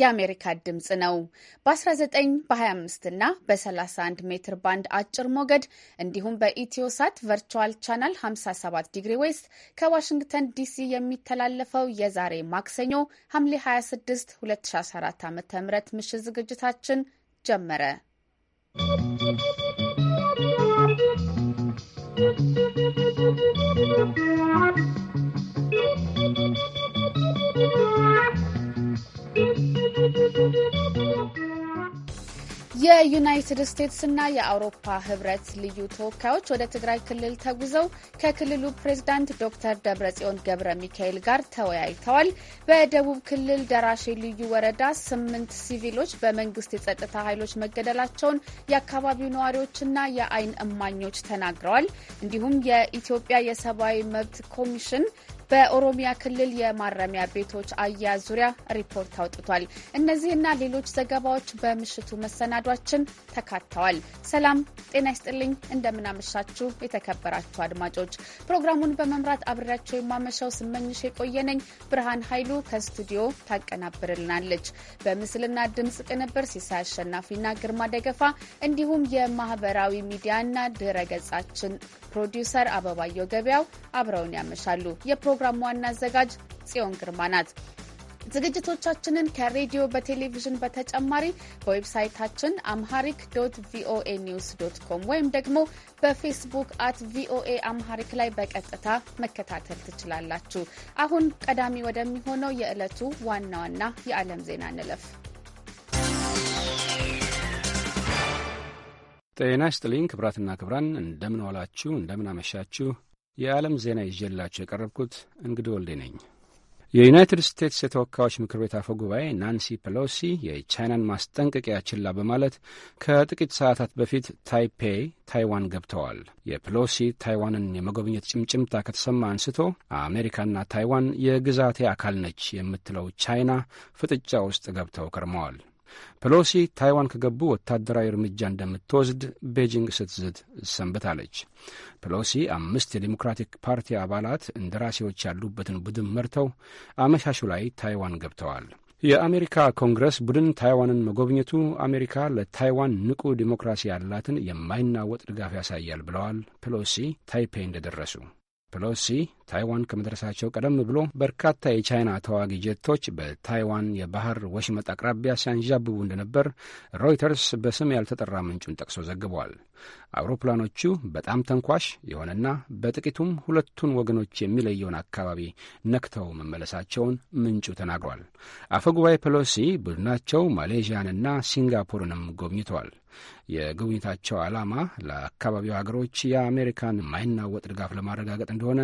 የአሜሪካ ድምፅ ነው። በ19 በ25 እና በ31 ሜትር ባንድ አጭር ሞገድ እንዲሁም በኢትዮሳት ቨርቹዋል ቻናል 57 ዲግሪ ዌስት ከዋሽንግተን ዲሲ የሚተላለፈው የዛሬ ማክሰኞ ሐምሌ 26 2014 ዓ ም ምሽት ዝግጅታችን ጀመረ። ¶¶ የዩናይትድ ስቴትስ እና የአውሮፓ ህብረት ልዩ ተወካዮች ወደ ትግራይ ክልል ተጉዘው ከክልሉ ፕሬዝዳንት ዶክተር ደብረጽዮን ገብረ ሚካኤል ጋር ተወያይተዋል። በደቡብ ክልል ደራሼ ልዩ ወረዳ ስምንት ሲቪሎች በመንግስት የጸጥታ ኃይሎች መገደላቸውን የአካባቢው ነዋሪዎችና የአይን እማኞች ተናግረዋል። እንዲሁም የኢትዮጵያ የሰብአዊ መብት ኮሚሽን በኦሮሚያ ክልል የማረሚያ ቤቶች አያያዝ ዙሪያ ሪፖርት አውጥቷል። እነዚህና ሌሎች ዘገባዎች በምሽቱ መሰናዷችን ተካተዋል። ሰላም ጤና ይስጥልኝ፣ እንደምናመሻችሁ የተከበራችሁ አድማጮች። ፕሮግራሙን በመምራት አብሬያቸው የማመሻው ስመኝሽ የቆየነኝ ብርሃን ኃይሉ ከስቱዲዮ ታቀናብርልናለች። በምስልና ድምፅ ቅንብር ሲሳይ አሸናፊና ግርማ ደገፋ እንዲሁም የማህበራዊ ሚዲያና ድረ ገጻችን ፕሮዲውሰር አበባየው ገበያው አብረውን ያመሻሉ። የፕሮግራሙ ዋና አዘጋጅ ጽዮን ግርማ ናት። ዝግጅቶቻችንን ከሬዲዮ በቴሌቪዥን በተጨማሪ በዌብሳይታችን አምሃሪክ ዶት ቪኦኤ ኒውስ ዶት ኮም ወይም ደግሞ በፌስቡክ አት ቪኦኤ አምሃሪክ ላይ በቀጥታ መከታተል ትችላላችሁ። አሁን ቀዳሚ ወደሚሆነው የዕለቱ ዋና ዋና የዓለም ዜና እንለፍ። ጤና ይስጥልኝ ክብራትና ክብራን፣ እንደምን ዋላችሁ፣ እንደምን አመሻችሁ። የዓለም ዜና ይዤላችሁ የቀረብኩት እንግዲ ወልዴ ነኝ። የዩናይትድ ስቴትስ የተወካዮች ምክር ቤት አፈ ጉባኤ ናንሲ ፔሎሲ የቻይናን ማስጠንቀቂያ ችላ በማለት ከጥቂት ሰዓታት በፊት ታይፔ ታይዋን ገብተዋል። የፔሎሲ ታይዋንን የመጎብኘት ጭምጭምታ ከተሰማ አንስቶ አሜሪካና ታይዋን የግዛቴ አካል ነች የምትለው ቻይና ፍጥጫ ውስጥ ገብተው ከርመዋል። ፔሎሲ ታይዋን ከገቡ ወታደራዊ እርምጃ እንደምትወስድ ቤጂንግ ስትዝት ሰንብታለች። ፔሎሲ አምስት የዲሞክራቲክ ፓርቲ አባላት እንደራሴዎች ያሉበትን ቡድን መርተው አመሻሹ ላይ ታይዋን ገብተዋል። የአሜሪካ ኮንግረስ ቡድን ታይዋንን መጎብኘቱ አሜሪካ ለታይዋን ንቁ ዲሞክራሲ ያላትን የማይናወጥ ድጋፍ ያሳያል ብለዋል ፔሎሲ ታይፔ እንደደረሱ ፔሎሲ ታይዋን ከመድረሳቸው ቀደም ብሎ በርካታ የቻይና ተዋጊ ጀቶች በታይዋን የባህር ወሽመጥ አቅራቢያ ሲያንዣብቡ እንደነበር ሮይተርስ በስም ያልተጠራ ምንጩን ጠቅሶ ዘግቧል። አውሮፕላኖቹ በጣም ተንኳሽ የሆነና በጥቂቱም ሁለቱን ወገኖች የሚለየውን አካባቢ ነክተው መመለሳቸውን ምንጩ ተናግሯል። አፈጉባኤ ፔሎሲ ቡድናቸው ማሌዥያንና ሲንጋፖርንም ጎብኝተዋል። የጉብኝታቸው ዓላማ ለአካባቢው ሀገሮች የአሜሪካን የማይናወጥ ድጋፍ ለማረጋገጥ እንደሆነ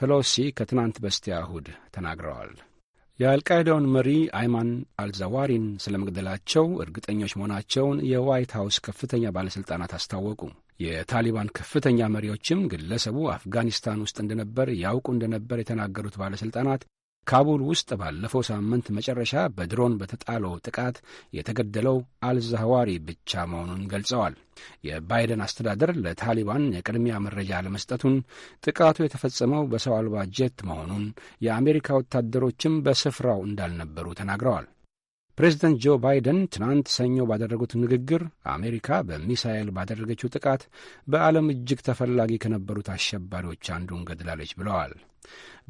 ፔሎሲ ከትናንት በስቲያ እሁድ ተናግረዋል። የአልቃይዳውን መሪ አይማን አልዛዋሪን ስለ መግደላቸው እርግጠኞች መሆናቸውን የዋይት ሀውስ ከፍተኛ ባለሥልጣናት አስታወቁ። የታሊባን ከፍተኛ መሪዎችም ግለሰቡ አፍጋኒስታን ውስጥ እንደነበር ያውቁ እንደነበር የተናገሩት ባለሥልጣናት ካቡል ውስጥ ባለፈው ሳምንት መጨረሻ በድሮን በተጣለው ጥቃት የተገደለው አልዛህዋሪ ብቻ መሆኑን ገልጸዋል። የባይደን አስተዳደር ለታሊባን የቅድሚያ መረጃ ለመስጠቱን፣ ጥቃቱ የተፈጸመው በሰው አልባ ጀት መሆኑን፣ የአሜሪካ ወታደሮችም በስፍራው እንዳልነበሩ ተናግረዋል። ፕሬዚደንት ጆ ባይደን ትናንት ሰኞ ባደረጉት ንግግር አሜሪካ በሚሳኤል ባደረገችው ጥቃት በዓለም እጅግ ተፈላጊ ከነበሩት አሸባሪዎች አንዱን ገድላለች ብለዋል።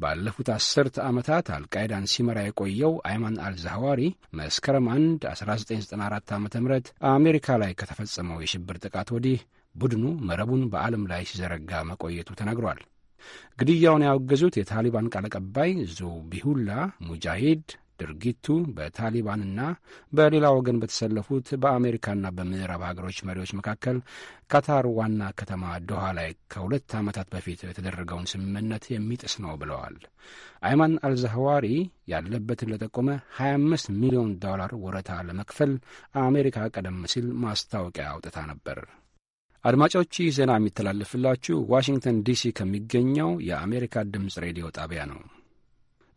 ባለፉት አስርተ ዓመታት አልቃይዳን ሲመራ የቆየው አይማን አልዛዋሪ መስከረም 1 1994 ዓ ም አሜሪካ ላይ ከተፈጸመው የሽብር ጥቃት ወዲህ ቡድኑ መረቡን በዓለም ላይ ሲዘረጋ መቆየቱ ተናግሯል። ግድያውን ያወገዙት የታሊባን ቃል አቀባይ ዙቢሁላ ሙጃሂድ ድርጊቱ በታሊባንና በሌላ ወገን በተሰለፉት በአሜሪካና በምዕራብ ሀገሮች መሪዎች መካከል ካታር ዋና ከተማ ዶሃ ላይ ከሁለት ዓመታት በፊት የተደረገውን ስምምነት የሚጥስ ነው ብለዋል። አይማን አልዛህዋሪ ያለበትን ለጠቆመ 25 ሚሊዮን ዶላር ወረታ ለመክፈል አሜሪካ ቀደም ሲል ማስታወቂያ አውጥታ ነበር። አድማጮች ይህ ዜና የሚተላለፍላችሁ ዋሽንግተን ዲሲ ከሚገኘው የአሜሪካ ድምፅ ሬዲዮ ጣቢያ ነው።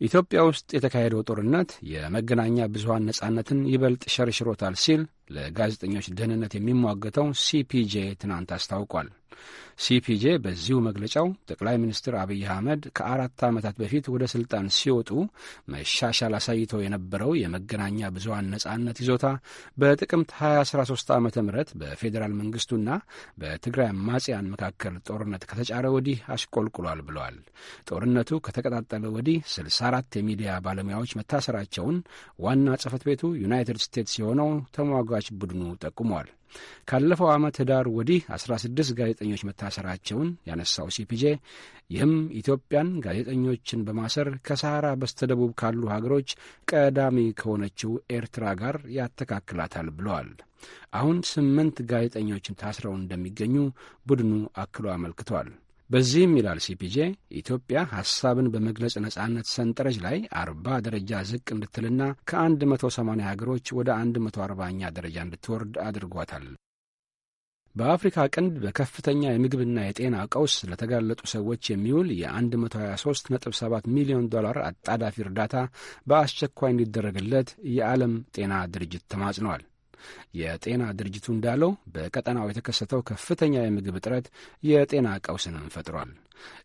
ኢትዮጵያ ውስጥ የተካሄደው ጦርነት የመገናኛ ብዙሀን ነጻነትን ይበልጥ ሸርሽሮታል ሲል ለጋዜጠኞች ደህንነት የሚሟገተው ሲፒጄ ትናንት አስታውቋል። ሲፒጄ በዚሁ መግለጫው ጠቅላይ ሚኒስትር አብይ አህመድ ከአራት ዓመታት በፊት ወደ ስልጣን ሲወጡ መሻሻል አሳይተው የነበረው የመገናኛ ብዙሀን ነጻነት ይዞታ በጥቅምት 2013 ዓ ም በፌዴራል መንግስቱና በትግራይ አማጽያን መካከል ጦርነት ከተጫረ ወዲህ አሽቆልቁሏል ብለዋል። ጦርነቱ ከተቀጣጠለ ወዲህ 64 የሚዲያ ባለሙያዎች መታሰራቸውን ዋና ጽህፈት ቤቱ ዩናይትድ ስቴትስ የሆነው ተሟጋች ቡድኑ ጠቁሟል። ካለፈው ዓመት ህዳር ወዲህ 16 ጋዜጠኞች መታሰራቸውን ያነሳው ሲፒጄ ይህም ኢትዮጵያን ጋዜጠኞችን በማሰር ከሰሃራ በስተደቡብ ካሉ ሀገሮች ቀዳሚ ከሆነችው ኤርትራ ጋር ያተካክላታል ብለዋል። አሁን ስምንት ጋዜጠኞችን ታስረው እንደሚገኙ ቡድኑ አክሎ አመልክቷል። በዚህም ይላል ሲፒጄ ኢትዮጵያ ሐሳብን በመግለጽ ነጻነት ሰንጠረዥ ላይ አርባ ደረጃ ዝቅ እንድትልና ከ180 ሀገሮች ወደ 140ኛ ደረጃ እንድትወርድ አድርጓታል። በአፍሪካ ቀንድ በከፍተኛ የምግብና የጤና ቀውስ ለተጋለጡ ሰዎች የሚውል የ123.7 ሚሊዮን ዶላር አጣዳፊ እርዳታ በአስቸኳይ እንዲደረግለት የዓለም ጤና ድርጅት ተማጽነዋል። የጤና ድርጅቱ እንዳለው በቀጠናው የተከሰተው ከፍተኛ የምግብ እጥረት የጤና ቀውስንም ፈጥሯል።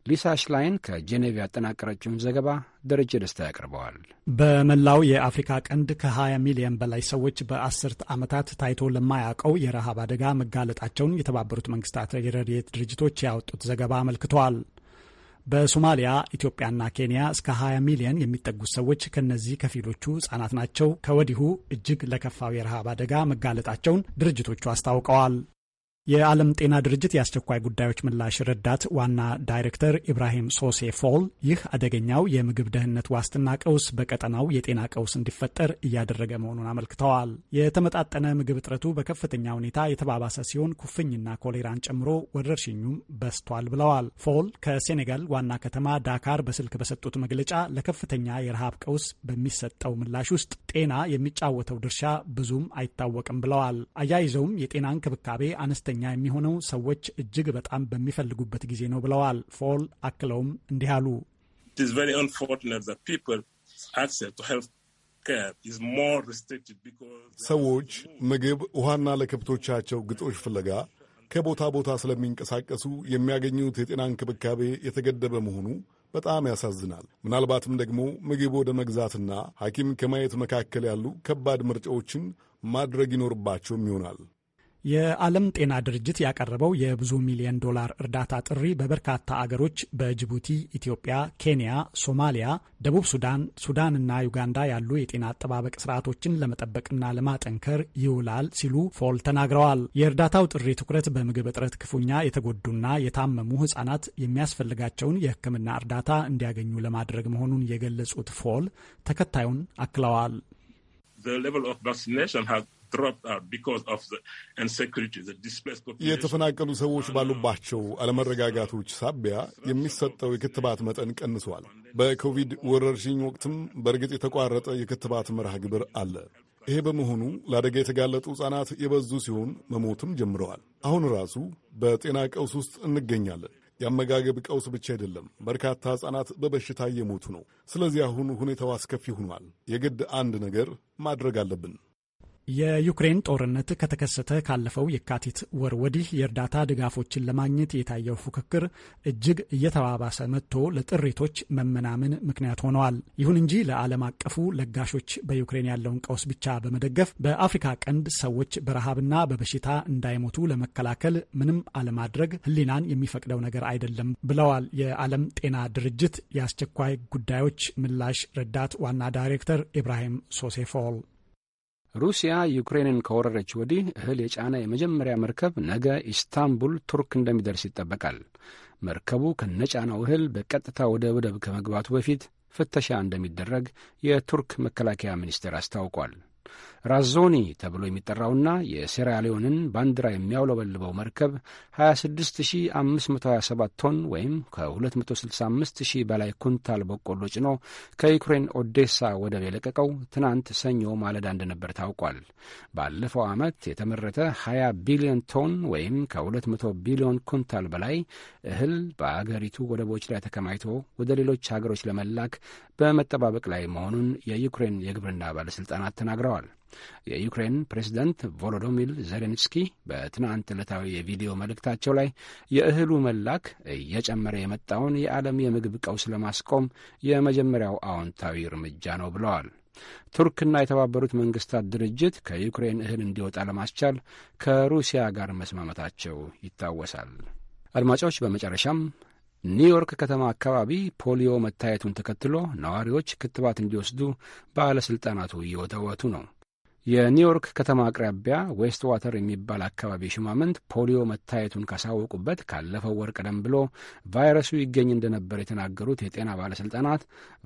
ሊሳ ሽላይን ከጄኔቭ ያጠናቀረችውን ዘገባ ደረጀ ደስታ ያቀርበዋል። በመላው የአፍሪካ ቀንድ ከ20 ሚሊዮን በላይ ሰዎች በአስርት ዓመታት ታይቶ ለማያውቀው የረሃብ አደጋ መጋለጣቸውን የተባበሩት መንግስታት የረድኤት ድርጅቶች ያወጡት ዘገባ አመልክተዋል። በሶማሊያ፣ ኢትዮጵያና ኬንያ እስከ 20 ሚሊዮን የሚጠጉት ሰዎች ከነዚህ ከፊሎቹ ህጻናት ናቸው። ከወዲሁ እጅግ ለከፋው የረሃብ አደጋ መጋለጣቸውን ድርጅቶቹ አስታውቀዋል። የዓለም ጤና ድርጅት የአስቸኳይ ጉዳዮች ምላሽ ረዳት ዋና ዳይሬክተር ኢብራሂም ሶሴ ፎል ይህ አደገኛው የምግብ ደህንነት ዋስትና ቀውስ በቀጠናው የጤና ቀውስ እንዲፈጠር እያደረገ መሆኑን አመልክተዋል። የተመጣጠነ ምግብ እጥረቱ በከፍተኛ ሁኔታ የተባባሰ ሲሆን ኩፍኝና ኮሌራን ጨምሮ ወረርሽኙም በስቷል ብለዋል። ፎል ከሴኔጋል ዋና ከተማ ዳካር በስልክ በሰጡት መግለጫ ለከፍተኛ የረሃብ ቀውስ በሚሰጠው ምላሽ ውስጥ ጤና የሚጫወተው ድርሻ ብዙም አይታወቅም ብለዋል። አያይዘውም የጤና እንክብካቤ አነስተኛ ከፍተኛ የሚሆነው ሰዎች እጅግ በጣም በሚፈልጉበት ጊዜ ነው ብለዋል። ፎል አክለውም እንዲህ አሉ። ሰዎች ምግብ፣ ውሃና ለከብቶቻቸው ግጦሽ ፍለጋ ከቦታ ቦታ ስለሚንቀሳቀሱ የሚያገኙት የጤና እንክብካቤ የተገደበ መሆኑ በጣም ያሳዝናል። ምናልባትም ደግሞ ምግብ ወደ መግዛትና ሐኪም ከማየት መካከል ያሉ ከባድ ምርጫዎችን ማድረግ ይኖርባቸውም ይሆናል። የዓለም ጤና ድርጅት ያቀረበው የብዙ ሚሊዮን ዶላር እርዳታ ጥሪ በበርካታ አገሮች በጅቡቲ፣ ኢትዮጵያ፣ ኬንያ፣ ሶማሊያ፣ ደቡብ ሱዳን፣ ሱዳንና ዩጋንዳ ያሉ የጤና አጠባበቅ ስርዓቶችን ለመጠበቅና ለማጠንከር ይውላል ሲሉ ፎል ተናግረዋል። የእርዳታው ጥሪ ትኩረት በምግብ እጥረት ክፉኛ የተጎዱና የታመሙ ህጻናት የሚያስፈልጋቸውን የሕክምና እርዳታ እንዲያገኙ ለማድረግ መሆኑን የገለጹት ፎል ተከታዩን አክለዋል። የተፈናቀሉ ሰዎች ባሉባቸው አለመረጋጋቶች ሳቢያ የሚሰጠው የክትባት መጠን ቀንሷል። በኮቪድ ወረርሽኝ ወቅትም በእርግጥ የተቋረጠ የክትባት መርሃ ግብር አለ። ይሄ በመሆኑ ለአደጋ የተጋለጡ ሕፃናት የበዙ ሲሆን መሞትም ጀምረዋል። አሁን ራሱ በጤና ቀውስ ውስጥ እንገኛለን። የአመጋገብ ቀውስ ብቻ አይደለም። በርካታ ሕፃናት በበሽታ እየሞቱ ነው። ስለዚህ አሁን ሁኔታው አስከፊ ሆኗል። የግድ አንድ ነገር ማድረግ አለብን። የዩክሬን ጦርነት ከተከሰተ ካለፈው የካቲት ወር ወዲህ የእርዳታ ድጋፎችን ለማግኘት የታየው ፉክክር እጅግ እየተባባሰ መጥቶ ለጥሪቶች መመናመን ምክንያት ሆነዋል። ይሁን እንጂ ለዓለም አቀፉ ለጋሾች በዩክሬን ያለውን ቀውስ ብቻ በመደገፍ በአፍሪካ ቀንድ ሰዎች በረሃብና በበሽታ እንዳይሞቱ ለመከላከል ምንም አለማድረግ ሕሊናን የሚፈቅደው ነገር አይደለም ብለዋል። የዓለም ጤና ድርጅት የአስቸኳይ ጉዳዮች ምላሽ ረዳት ዋና ዳይሬክተር ኢብራሂም ሶሴፎል ሩሲያ ዩክሬንን ከወረረች ወዲህ እህል የጫነ የመጀመሪያ መርከብ ነገ ኢስታንቡል ቱርክ እንደሚደርስ ይጠበቃል። መርከቡ ከነጫናው እህል በቀጥታ ወደ ወደብ ከመግባቱ በፊት ፍተሻ እንደሚደረግ የቱርክ መከላከያ ሚኒስቴር አስታውቋል። ራዞኒ ተብሎ የሚጠራውና የሴራሊዮንን ባንዲራ የሚያውለበልበው መርከብ 26527 ቶን ወይም ከ265000 በላይ ኩንታል በቆሎ ጭኖ ከዩክሬን ኦዴሳ ወደብ የለቀቀው ትናንት ሰኞ ማለዳ እንደነበር ታውቋል። ባለፈው ዓመት የተመረተ 20 ቢሊዮን ቶን ወይም ከ200 ቢሊዮን ኩንታል በላይ እህል በአገሪቱ ወደቦች ላይ ተከማይቶ ወደ ሌሎች ሀገሮች ለመላክ በመጠባበቅ ላይ መሆኑን የዩክሬን የግብርና ባለሥልጣናት ተናግረዋል። የዩክሬን ፕሬዝደንት ቮሎዶሚር ዜሌንስኪ በትናንት ዕለታዊ የቪዲዮ መልእክታቸው ላይ የእህሉ መላክ እየጨመረ የመጣውን የዓለም የምግብ ቀውስ ለማስቆም የመጀመሪያው አዎንታዊ እርምጃ ነው ብለዋል። ቱርክና የተባበሩት መንግስታት ድርጅት ከዩክሬን እህል እንዲወጣ ለማስቻል ከሩሲያ ጋር መስማመታቸው ይታወሳል። አድማጮች፣ በመጨረሻም ኒውዮርክ ከተማ አካባቢ ፖሊዮ መታየቱን ተከትሎ ነዋሪዎች ክትባት እንዲወስዱ ባለሥልጣናቱ እየወተወቱ ነው። የኒውዮርክ ከተማ አቅራቢያ ዌስት ዋተር የሚባል አካባቢ ሽማምንት ፖሊዮ መታየቱን ካሳወቁበት ካለፈው ወር ቀደም ብሎ ቫይረሱ ይገኝ እንደነበር የተናገሩት የጤና ባለሥልጣናት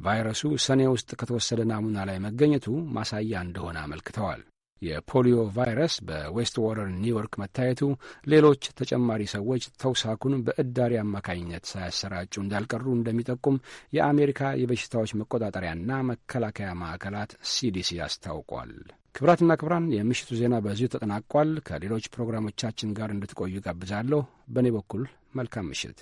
ቫይረሱ ሰኔ ውስጥ ከተወሰደ ናሙና ላይ መገኘቱ ማሳያ እንደሆነ አመልክተዋል። የፖሊዮ ቫይረስ በዌስት ዋተር ኒውዮርክ መታየቱ ሌሎች ተጨማሪ ሰዎች ተውሳኩን በእዳሪ አማካኝነት ሳያሰራጩ እንዳልቀሩ እንደሚጠቁም የአሜሪካ የበሽታዎች መቆጣጠሪያና መከላከያ ማዕከላት ሲዲሲ አስታውቋል። ክብራትና ክብራን የምሽቱ ዜና በዚሁ ተጠናቋል። ከሌሎች ፕሮግራሞቻችን ጋር እንድትቆዩ ጋብዛለሁ። በእኔ በኩል መልካም ምሽት።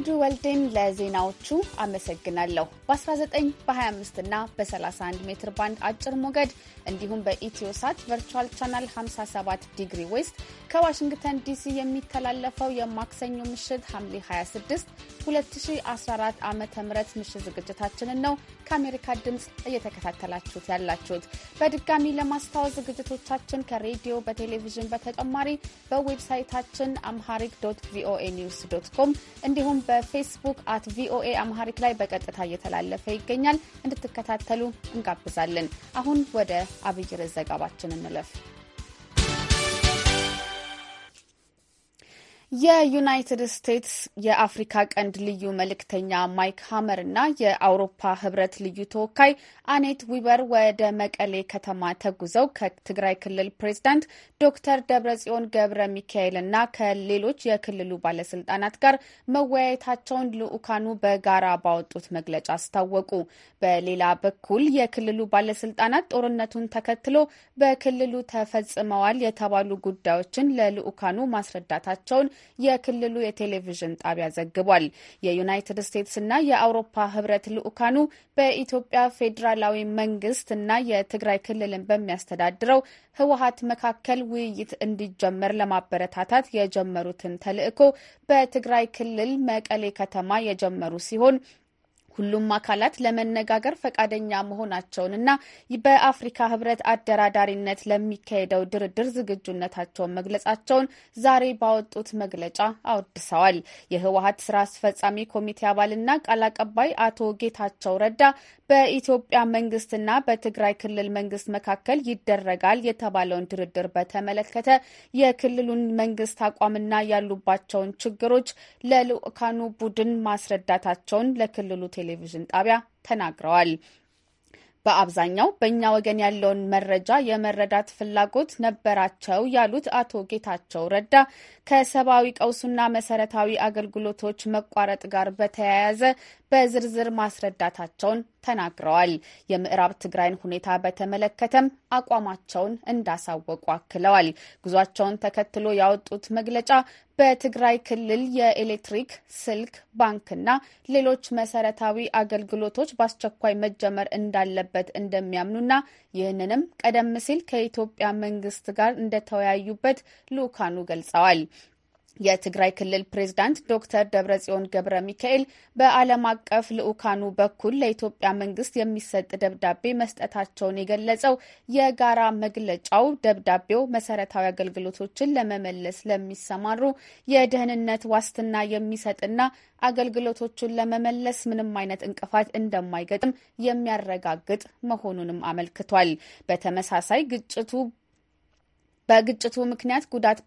እንግዱ ወልዴን ለዜናዎቹ አመሰግናለሁ። በ19 በ25 እና በ31 ሜትር ባንድ አጭር ሞገድ እንዲሁም በኢትዮሳት ቨርቹዋል ቻናል 57 ዲግሪ ዌስት ከዋሽንግተን ዲሲ የሚተላለፈው የማክሰኞ ምሽት ሐምሌ 26 2014 ዓ ም ምሽት ዝግጅታችንን ነው ከአሜሪካ ድምፅ እየተከታተላችሁት ያላችሁት። በድጋሚ ለማስታወስ ዝግጅቶቻችን ከሬዲዮ በቴሌቪዥን በተጨማሪ በዌብሳይታችን አምሃሪክ ዶት ቪኦኤ ኒውስ ዶት ኮም እንዲሁም በፌስቡክ አት ቪኦኤ አምሃሪክ ላይ በቀጥታ እየተላለፈ ይገኛል። እንድትከታተሉ እንጋብዛለን። አሁን ወደ አብይ ርዕስ ዘገባችን እንለፍ። የዩናይትድ ስቴትስ የአፍሪካ ቀንድ ልዩ መልእክተኛ ማይክ ሀመር እና የአውሮፓ ህብረት ልዩ ተወካይ አኔት ዊበር ወደ መቀሌ ከተማ ተጉዘው ከትግራይ ክልል ፕሬዝዳንት ዶክተር ደብረጽዮን ገብረ ሚካኤል እና ከሌሎች የክልሉ ባለስልጣናት ጋር መወያየታቸውን ልዑካኑ በጋራ ባወጡት መግለጫ አስታወቁ። በሌላ በኩል የክልሉ ባለስልጣናት ጦርነቱን ተከትሎ በክልሉ ተፈጽመዋል የተባሉ ጉዳዮችን ለልዑካኑ ማስረዳታቸውን የክልሉ የቴሌቪዥን ጣቢያ ዘግቧል። የዩናይትድ እና የአውሮፓ ህብረት ልዑካኑ በኢትዮጵያ ፌዴራላዊ መንግስት እና የትግራይ ክልልን በሚያስተዳድረው ህወሀት መካከል ውይይት እንዲጀመር ለማበረታታት የጀመሩትን ተልዕኮ በትግራይ ክልል መቀሌ ከተማ የጀመሩ ሲሆን ሁሉም አካላት ለመነጋገር ፈቃደኛ መሆናቸውንና በአፍሪካ ህብረት አደራዳሪነት ለሚካሄደው ድርድር ዝግጁነታቸውን መግለጻቸውን ዛሬ ባወጡት መግለጫ አወድሰዋል። የህወሀት ስራ አስፈጻሚ ኮሚቴ አባልና ቃል አቀባይ አቶ ጌታቸው ረዳ በኢትዮጵያ መንግስትና በትግራይ ክልል መንግስት መካከል ይደረጋል የተባለውን ድርድር በተመለከተ የክልሉን መንግስት አቋምና ያሉባቸውን ችግሮች ለልኡካኑ ቡድን ማስረዳታቸውን ለክልሉ ቴሌ ቴሌቪዥን ጣቢያ ተናግረዋል። በአብዛኛው በእኛ ወገን ያለውን መረጃ የመረዳት ፍላጎት ነበራቸው ያሉት አቶ ጌታቸው ረዳ ከሰብአዊ ቀውሱና መሰረታዊ አገልግሎቶች መቋረጥ ጋር በተያያዘ በዝርዝር ማስረዳታቸውን ተናግረዋል። የምዕራብ ትግራይን ሁኔታ በተመለከተም አቋማቸውን እንዳሳወቁ አክለዋል። ጉዟቸውን ተከትሎ ያወጡት መግለጫ በትግራይ ክልል የኤሌክትሪክ፣ ስልክ፣ ባንክና ሌሎች መሰረታዊ አገልግሎቶች በአስቸኳይ መጀመር እንዳለበት እንደሚያምኑና ይህንንም ቀደም ሲል ከኢትዮጵያ መንግስት ጋር እንደተወያዩበት ሉካኑ ገልጸዋል። የትግራይ ክልል ፕሬዝዳንት ዶክተር ደብረጽዮን ገብረ ሚካኤል በዓለም አቀፍ ልዑካኑ በኩል ለኢትዮጵያ መንግስት የሚሰጥ ደብዳቤ መስጠታቸውን የገለጸው የጋራ መግለጫው ደብዳቤው መሰረታዊ አገልግሎቶችን ለመመለስ ለሚሰማሩ የደህንነት ዋስትና የሚሰጥና አገልግሎቶቹን ለመመለስ ምንም አይነት እንቅፋት እንደማይገጥም የሚያረጋግጥ መሆኑንም አመልክቷል። በተመሳሳይ ግጭቱ በግጭቱ ምክንያት ጉዳት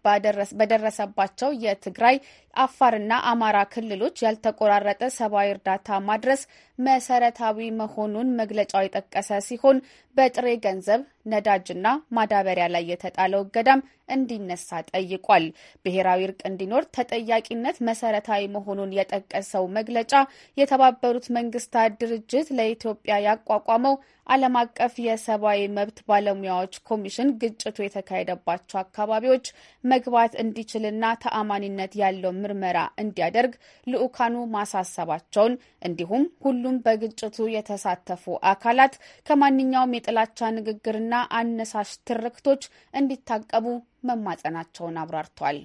በደረሰባቸው የትግራይ፣ አፋርና አማራ ክልሎች ያልተቆራረጠ ሰብአዊ እርዳታ ማድረስ መሰረታዊ መሆኑን መግለጫው የጠቀሰ ሲሆን በጥሬ ገንዘብ ነዳጅና ማዳበሪያ ላይ የተጣለው እገዳም እንዲነሳ ጠይቋል። ብሔራዊ እርቅ እንዲኖር ተጠያቂነት መሰረታዊ መሆኑን የጠቀሰው መግለጫ የተባበሩት መንግስታት ድርጅት ለኢትዮጵያ ያቋቋመው ዓለም አቀፍ የሰብአዊ መብት ባለሙያዎች ኮሚሽን ግጭቱ የተካሄደባቸው አካባቢዎች መግባት እንዲችልና ተአማኒነት ያለው ምርመራ እንዲያደርግ ልዑካኑ ማሳሰባቸውን እንዲሁም ሁሉም በግጭቱ የተሳተፉ አካላት ከማንኛውም የጥላቻ ንግግርና አነሳሽ ትርክቶች እንዲታቀቡ መማጸናቸውን አብራርቷል።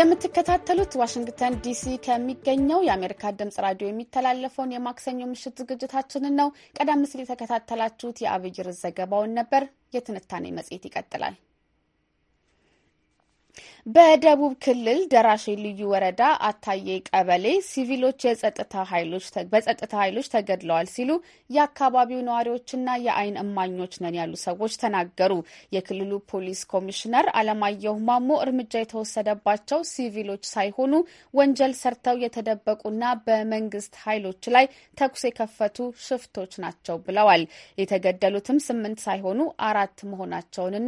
የምትከታተሉት ዋሽንግተን ዲሲ ከሚገኘው የአሜሪካ ድምጽ ራዲዮ የሚተላለፈውን የማክሰኞ ምሽት ዝግጅታችንን ነው። ቀደም ሲል የተከታተላችሁት የአብይር ዘገባውን ነበር። የትንታኔ መጽሔት ይቀጥላል። በደቡብ ክልል ደራሼ ልዩ ወረዳ አታዬ ቀበሌ ሲቪሎች በጸጥታ ኃይሎች ተገድለዋል ሲሉ የአካባቢው ነዋሪዎችና የአይን እማኞች ነን ያሉ ሰዎች ተናገሩ። የክልሉ ፖሊስ ኮሚሽነር አለማየሁ ማሞ እርምጃ የተወሰደባቸው ሲቪሎች ሳይሆኑ ወንጀል ሰርተው የተደበቁና በመንግስት ኃይሎች ላይ ተኩስ የከፈቱ ሽፍቶች ናቸው ብለዋል። የተገደሉትም ስምንት ሳይሆኑ አራት መሆናቸውንና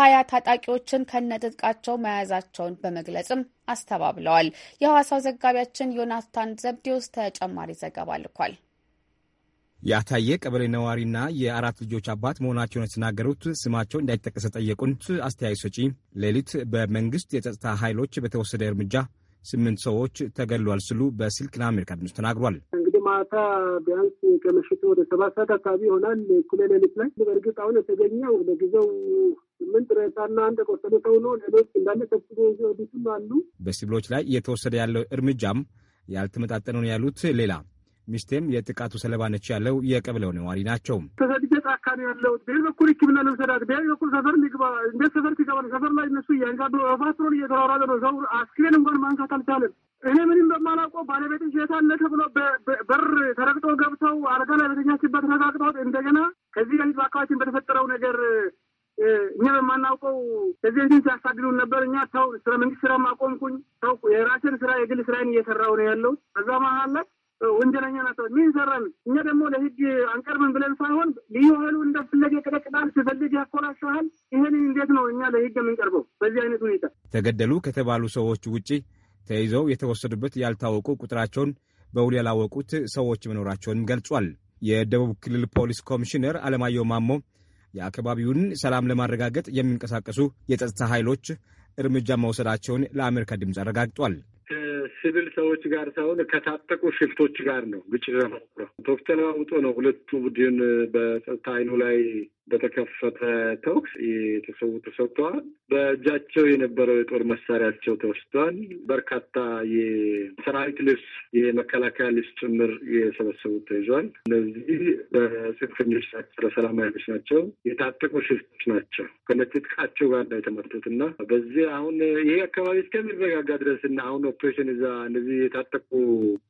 ሀያ ታጣቂዎችን ከነጥጥቃቸው መያዝ መያዛቸውን በመግለጽም አስተባብለዋል። የሐዋሳው ዘጋቢያችን ዮናታን ዘብዴዎስ ተጨማሪ ዘገባ ልኳል። የአታየ ቀበሌ ነዋሪና የአራት ልጆች አባት መሆናቸውን የተናገሩት ስማቸው እንዳይጠቀሰ ጠየቁት አስተያየት ሰጪ ሌሊት በመንግስት የጸጥታ ኃይሎች በተወሰደ እርምጃ ስምንት ሰዎች ተገሏል ሲሉ በስልክ ለአሜሪካ ድምፅ ተናግሯል። እንግዲህ ማታ ቢያንስ ከምሽቱ ወደ ሰባት ሰዓት አካባቢ ይሆናል እኩለ ሌሊት ላይ በእርግጥ አሁን የተገኘው ለጊዜው ስምንት ሬሳና አንድ የቆሰለ ሰው ነው። ሌሎች እንዳለ ተፍጎ ወዲቱም አሉ። በሲቪሎች ላይ እየተወሰደ ያለው እርምጃም ያልተመጣጠነውን ያሉት ሌላ ሚስቴም የጥቃቱ ሰለባ ነች ያለው የቀበሌው ነዋሪ ናቸው። ተሰድጀ ያለው ቤት በኩል ሕክምና ለመሰዳት ቤት በኩል ሰፈር ሚግባ እንዴት ሰፈር ሲገባ ሰፈር ላይ እነሱ እያንጋዱ ፓትሮን እየተሯሯጠ ነው። ሰው አስክሬን እንኳን ማንሳት አልቻለም። እኔ ምንም በማላውቀው ባለቤት ሴታለ ተብሎ በር ተረግጦ ገብተው አልጋ ላይ በተኛችበት ተነቃቅጠት እንደገና ከዚህ በፊት በአካባቢችን በተፈጠረው ነገር እኛ በማናውቀው ከዚህ በፊት ሲያሳድዱን ነበር። እኛ ሰው ስራ መንግስት ስራ ማቆምኩኝ ሰው የራሴን ስራ የግል ስራዬን እየሰራው ነው ያለው። በዛ መሀል ላይ ወንጀለኛ ናቸው ምን ሰራን? እኛ ደግሞ ለህግ አንቀርብን ብለን ሳይሆን ልዩ ኃይሉ እንደፈለገ ይቀጠቅጣል፣ ሲፈልግ ያኮላችኋል። ይህን እንዴት ነው እኛ ለህግ የምንቀርበው? በዚህ አይነት ሁኔታ ተገደሉ ከተባሉ ሰዎች ውጭ ተይዘው የተወሰዱበት ያልታወቁ ቁጥራቸውን በውል ያላወቁት ሰዎች መኖራቸውንም ገልጿል። የደቡብ ክልል ፖሊስ ኮሚሽነር አለማየሁ ማሞ የአካባቢውን ሰላም ለማረጋገጥ የሚንቀሳቀሱ የጸጥታ ኃይሎች እርምጃ መውሰዳቸውን ለአሜሪካ ድምፅ አረጋግጧል። ከሲቪል ሰዎች ጋር ሳይሆን ከታጠቁ ሽፍቶች ጋር ነው ግጭት ተፈጥሮ ቶክተለዋውጦ ነው ሁለቱ ቡድን በጸጥታ ኃይሉ ላይ በተከፈተ ተኩስ የተሰዉ ተሰጥተዋል። በእጃቸው የነበረው የጦር መሳሪያቸው ተወስደዋል። በርካታ የሰራዊት ልብስ፣ የመከላከያ ልብስ ጭምር የሰበሰቡት ተይዟል። እነዚህ በጽንፈኞች ናቸው፣ ለሰላም ኃይሎች ናቸው፣ የታጠቁ ሽፍቶች ናቸው። ከነትጥቃቸው ጋር ነው የተመቱት እና በዚህ አሁን ይሄ አካባቢ እስከሚረጋጋ ድረስ እና አሁን ኦፕሬሽን እዛ እነዚህ የታጠቁ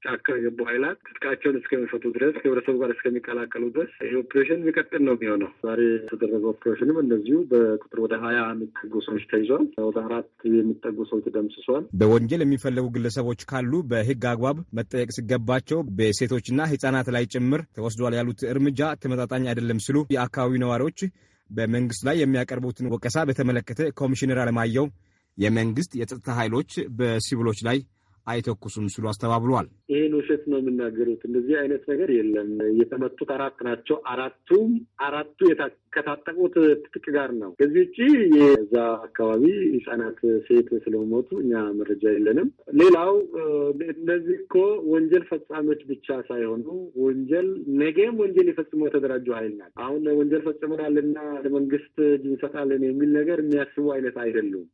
ጫካ የገቡ ኃይላት ትጥቃቸውን እስከሚፈቱ ድረስ ከህብረተሰቡ ጋር እስከሚቀላቀሉ ድረስ ይሄ ኦፕሬሽን የሚቀጥል ነው የሚሆነው ዛሬ የተደረገ ኦፕሬሽንም እንደዚሁ በቁጥር ወደ ሀያ የሚጠጉ ሰዎች ተይዟል። ወደ አራት የሚጠጉ ሰዎች ተደምስሷል። በወንጀል የሚፈለጉ ግለሰቦች ካሉ በህግ አግባብ መጠየቅ ሲገባቸው በሴቶችና ህጻናት ላይ ጭምር ተወስዷል ያሉት እርምጃ ተመጣጣኝ አይደለም ሲሉ የአካባቢው ነዋሪዎች በመንግስት ላይ የሚያቀርቡትን ወቀሳ በተመለከተ ኮሚሽነር አለማየሁ የመንግስት የጸጥታ ኃይሎች በሲቪሎች ላይ አይተኩሱም ሲሉ አስተባብሏል። ይህን ውሸት ነው የምናገሩት። እንደዚህ አይነት ነገር የለም። የተመቱት አራት ናቸው። አራቱም አራቱ ከታጠቁት ትጥቅ ጋር ነው። ከዚህ ውጭ የዛ አካባቢ ህጻናት ሴት ስለሞቱ እኛ መረጃ የለንም። ሌላው እነዚህ እኮ ወንጀል ፈጻሚዎች ብቻ ሳይሆኑ ወንጀል ነገም ወንጀል የፈጽመው የተደራጁ ኃይል ናት። አሁን ወንጀል ፈጽመናልና ለመንግስት እጅ እንሰጣለን የሚል ነገር የሚያስቡ አይነት አይደሉም።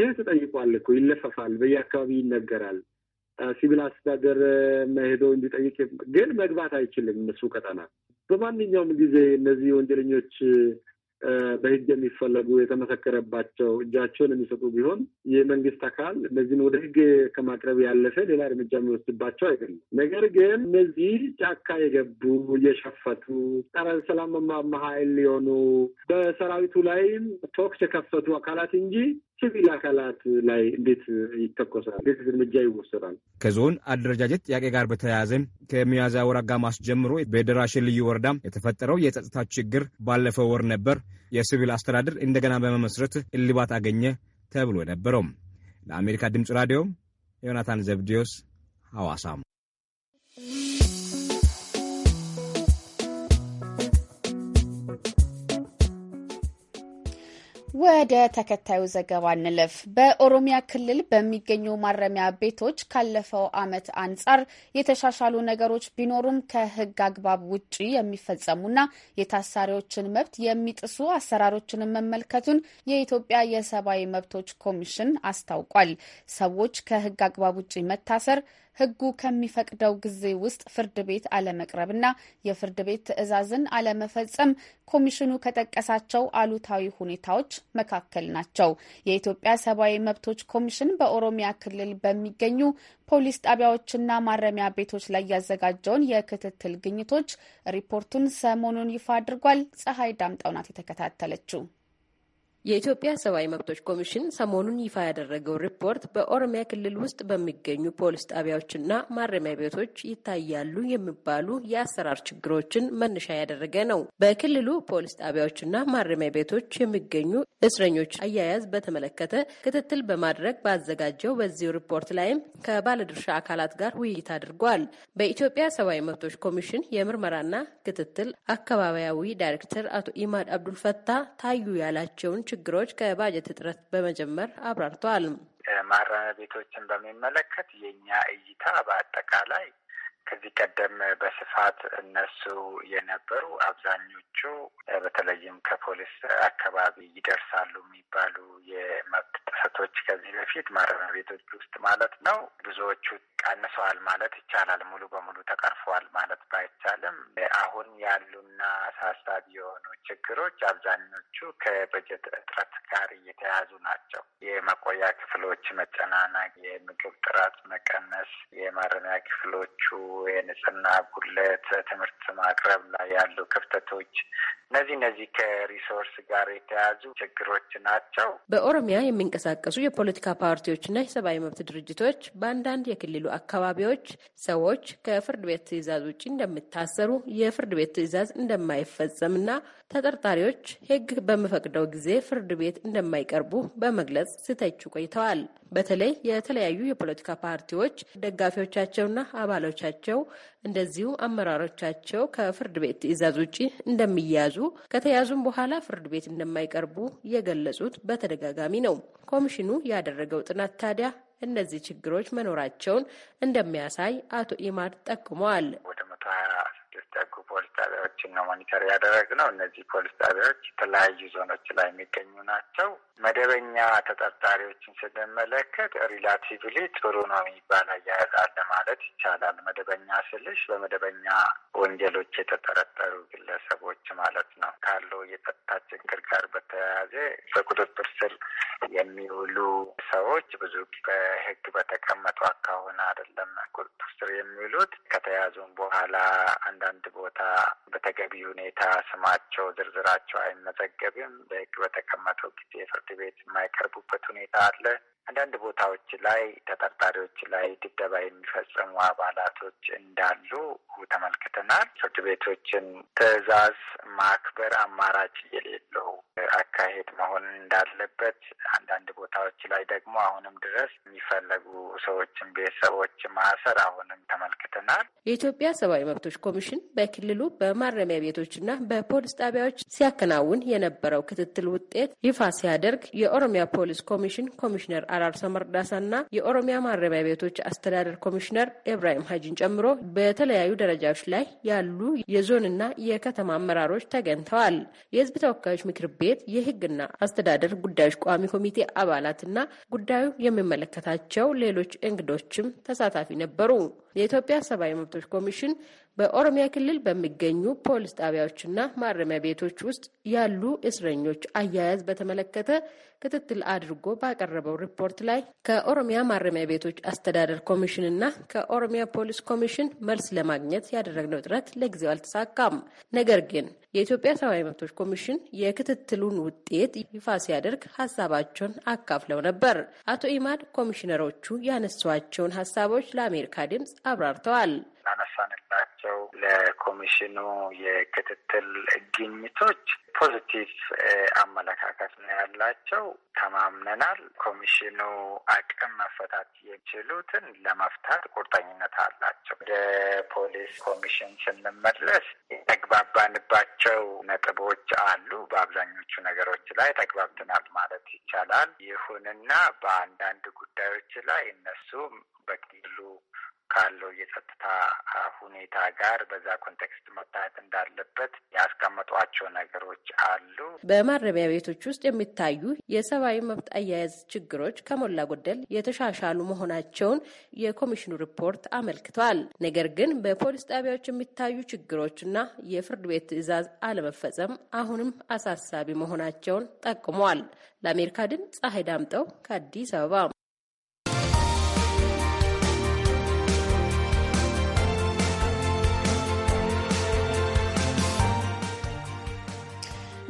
ይህ ተጠይቋል እኮ ይለፈፋል፣ በየአካባቢ ይነገራል። ሲቪል አስተዳደር መሄደው እንዲጠይቅ ግን መግባት አይችልም። እነሱ ቀጠና በማንኛውም ጊዜ እነዚህ ወንጀለኞች በህግ የሚፈለጉ የተመሰከረባቸው እጃቸውን የሚሰጡ ቢሆን የመንግስት አካል እነዚህን ወደ ህግ ከማቅረብ ያለፈ ሌላ እርምጃ የሚወስድባቸው አይደለም። ነገር ግን እነዚህ ጫካ የገቡ እየሸፈቱ ጸረ ሰላም ማማ የሆኑ በሰራዊቱ ላይም ቶክስ የከፈቱ አካላት እንጂ ሲቪል አካላት ላይ እንዴት ይተኮሳል? እንዴት እርምጃ ይወሰዳል? ከዞን አደረጃጀት ጥያቄ ጋር በተያያዘ ከሚያዝያ ወር አጋማሽ ጀምሮ በደራሽን ልዩ ወረዳ የተፈጠረው የጸጥታ ችግር ባለፈው ወር ነበር የሲቪል አስተዳደር እንደገና በመመስረት እልባት አገኘ ተብሎ ነበረው። ለአሜሪካ ድምፅ ራዲዮ ዮናታን ዘብዲዮስ ሐዋሳም ወደ ተከታዩ ዘገባ እንለፍ። በኦሮሚያ ክልል በሚገኙ ማረሚያ ቤቶች ካለፈው ዓመት አንጻር የተሻሻሉ ነገሮች ቢኖሩም ከሕግ አግባብ ውጪ የሚፈጸሙና የታሳሪዎችን መብት የሚጥሱ አሰራሮችንም መመልከቱን የኢትዮጵያ የሰብአዊ መብቶች ኮሚሽን አስታውቋል። ሰዎች ከሕግ አግባብ ውጪ መታሰር ሕጉ ከሚፈቅደው ጊዜ ውስጥ ፍርድ ቤት አለመቅረብና የፍርድ ቤት ትዕዛዝን አለመፈጸም ኮሚሽኑ ከጠቀሳቸው አሉታዊ ሁኔታዎች መካከል ናቸው። የኢትዮጵያ ሰብአዊ መብቶች ኮሚሽን በኦሮሚያ ክልል በሚገኙ ፖሊስ ጣቢያዎችና ማረሚያ ቤቶች ላይ ያዘጋጀውን የክትትል ግኝቶች ሪፖርቱን ሰሞኑን ይፋ አድርጓል። ፀሐይ ዳምጠው ናት የተከታተለችው። የኢትዮጵያ ሰብአዊ መብቶች ኮሚሽን ሰሞኑን ይፋ ያደረገው ሪፖርት በኦሮሚያ ክልል ውስጥ በሚገኙ ፖሊስ ጣቢያዎችና ማረሚያ ቤቶች ይታያሉ የሚባሉ የአሰራር ችግሮችን መነሻ ያደረገ ነው። በክልሉ ፖሊስ ጣቢያዎችና ማረሚያ ቤቶች የሚገኙ እስረኞች አያያዝ በተመለከተ ክትትል በማድረግ ባዘጋጀው በዚሁ ሪፖርት ላይም ከባለድርሻ አካላት ጋር ውይይት አድርጓል። በኢትዮጵያ ሰብአዊ መብቶች ኮሚሽን የምርመራና ክትትል አካባቢያዊ ዳይሬክተር አቶ ኢማድ አብዱልፈታ ታዩ ያላቸውን ችግሮች ከባጀት እጥረት በመጀመር አብራርተዋል። ማረሚያ ቤቶችን በሚመለከት የእኛ እይታ በአጠቃላይ ከዚህ ቀደም በስፋት እነሱ የነበሩ አብዛኞቹ በተለይም ከፖሊስ አካባቢ ይደርሳሉ የሚባሉ የመብት ጥሰቶች ከዚህ በፊት ማረሚያ ቤቶች ውስጥ ማለት ነው ብዙዎቹ ቀንሰዋል ማለት ይቻላል። ሙሉ በሙሉ ተቀርፈዋል ማለት ባይቻልም አሁን ያሉና አሳሳቢ የሆኑ ችግሮች አብዛኞቹ ከበጀት እጥረት ጋር እየተያዙ ናቸው። የመቆያ ክፍሎች መጨናነቅ፣ የምግብ ጥራት መቀነስ፣ የማረሚያ ክፍሎቹ የንጽህና ጉድለት፣ ትምህርት ማቅረብ ላይ ያሉ ክፍተቶች፣ እነዚህ እነዚህ ከሪሶርስ ጋር የተያዙ ችግሮች ናቸው። በኦሮሚያ የሚንቀሳቀሱ የፖለቲካ ፓርቲዎችና የሰብአዊ መብት ድርጅቶች በአንዳንድ የክልሉ አካባቢዎች ሰዎች ከፍርድ ቤት ትዕዛዝ ውጭ እንደሚታሰሩ፣ የፍርድ ቤት ትዕዛዝ እንደማይፈጸምና ተጠርጣሪዎች ሕግ በሚፈቅደው ጊዜ ፍርድ ቤት እንደማይቀርቡ በመግለጽ ሲተቹ ቆይተዋል። በተለይ የተለያዩ የፖለቲካ ፓርቲዎች ደጋፊዎቻቸውና አባሎቻቸው እንደዚሁ አመራሮቻቸው ከፍርድ ቤት ትዕዛዝ ውጪ እንደሚያዙ ከተያዙም በኋላ ፍርድ ቤት እንደማይቀርቡ የገለጹት በተደጋጋሚ ነው። ኮሚሽኑ ያደረገው ጥናት ታዲያ እነዚህ ችግሮች መኖራቸውን እንደሚያሳይ አቶ ኢማድ ጠቁመዋል። ጠጉ ፖሊስ ጣቢያዎችን ነው ሞኒተር ነው እነዚህ ፖሊስ ጣቢያዎች የተለያዩ ዞኖች ላይ የሚገኙ ናቸው። መደበኛ ተጠርጣሪዎችን ስንመለከት ሪላቲቭሊ ጥሩ ነው የሚባል አያያዝ አለ ማለት ይቻላል። መደበኛ ስልሽ በመደበኛ ወንጀሎች የተጠረጠሩ ግለሰቦች ማለት ነው። ካለው የጸጥታ ችግር ጋር በተያያዘ በቁጥጥር ስር የሚውሉ ሰዎች ብዙ በህግ በተቀመጡ አካሆን አይደለም ቁጥጥር ስር የሚውሉት ከተያዙም በኋላ አንዳንድ አንድ ቦታ በተገቢ ሁኔታ ስማቸው ዝርዝራቸው አይመዘገብም። በህግ በተቀመጠው ጊዜ ፍርድ ቤት የማይቀርቡበት ሁኔታ አለ። አንዳንድ ቦታዎች ላይ ተጠርጣሪዎች ላይ ድብደባ የሚፈጽሙ አባላቶች እንዳሉ ተመልክተናል። ፍርድ ቤቶችን ትዕዛዝ ማክበር አማራጭ የሌለው አካሄድ መሆን እንዳለበት፣ አንዳንድ ቦታዎች ላይ ደግሞ አሁንም ድረስ የሚፈለጉ ሰዎችን ቤተሰቦች ማሰር አሁንም ተመልክተናል። የኢትዮጵያ ሰብአዊ መብቶች ኮሚሽን በክልሉ በማረሚያ ቤቶችና በፖሊስ ጣቢያዎች ሲያከናውን የነበረው ክትትል ውጤት ይፋ ሲያደርግ የኦሮሚያ ፖሊስ ኮሚሽን ኮሚሽነር አራርሳ መርዳሳና የኦሮሚያ ማረሚያ ቤቶች አስተዳደር ኮሚሽነር ኢብራሂም ሀጂን ጨምሮ በተለያዩ ደረጃዎች ላይ ያሉ የዞንና የከተማ አመራሮች ተገኝተዋል። የህዝብ ተወካዮች ምክር ቤት የህግና አስተዳደር ጉዳዮች ቋሚ ኮሚቴ አባላትና ጉዳዩ የሚመለከታቸው ሌሎች እንግዶችም ተሳታፊ ነበሩ። የኢትዮጵያ ሰብአዊ መብቶች ኮሚሽን በኦሮሚያ ክልል በሚገኙ ፖሊስ ጣቢያዎችና ማረሚያ ቤቶች ውስጥ ያሉ እስረኞች አያያዝ በተመለከተ ክትትል አድርጎ ባቀረበው ሪፖርት ላይ ከኦሮሚያ ማረሚያ ቤቶች አስተዳደር ኮሚሽን እና ከኦሮሚያ ፖሊስ ኮሚሽን መልስ ለማግኘት ያደረግነው ጥረት ለጊዜው አልተሳካም። ነገር ግን የኢትዮጵያ ሰብአዊ መብቶች ኮሚሽን የክትትሉን ውጤት ይፋ ሲያደርግ ሀሳባቸውን አካፍለው ነበር። አቶ ኢማድ ኮሚሽነሮቹ ያነሷቸውን ሀሳቦች ለአሜሪካ ድምፅ አብራርተዋል። So ለኮሚሽኑ የክትትል ግኝቶች ፖዚቲቭ አመለካከት ነው ያላቸው። ተማምነናል። ኮሚሽኑ አቅም መፈታት የሚችሉትን ለመፍታት ቁርጠኝነት አላቸው። ወደ ፖሊስ ኮሚሽን ስንመለስ የተግባባንባቸው ነጥቦች አሉ። በአብዛኞቹ ነገሮች ላይ ተግባብተናል ማለት ይቻላል። ይሁንና በአንዳንድ ጉዳዮች ላይ እነሱም በክልሉ ካለው የጸጥታ ሁኔታ ጋር በዛ ኮንቴክስት መታየት እንዳለበት ያስቀመጧቸው ነገሮች አሉ። በማረሚያ ቤቶች ውስጥ የሚታዩ የሰብአዊ መብት አያያዝ ችግሮች ከሞላ ጎደል የተሻሻሉ መሆናቸውን የኮሚሽኑ ሪፖርት አመልክቷል። ነገር ግን በፖሊስ ጣቢያዎች የሚታዩ ችግሮች እና የፍርድ ቤት ትዕዛዝ አለመፈጸም አሁንም አሳሳቢ መሆናቸውን ጠቁሟል። ለአሜሪካ ድምፅ ፀሐይ ዳምጠው ከአዲስ አበባ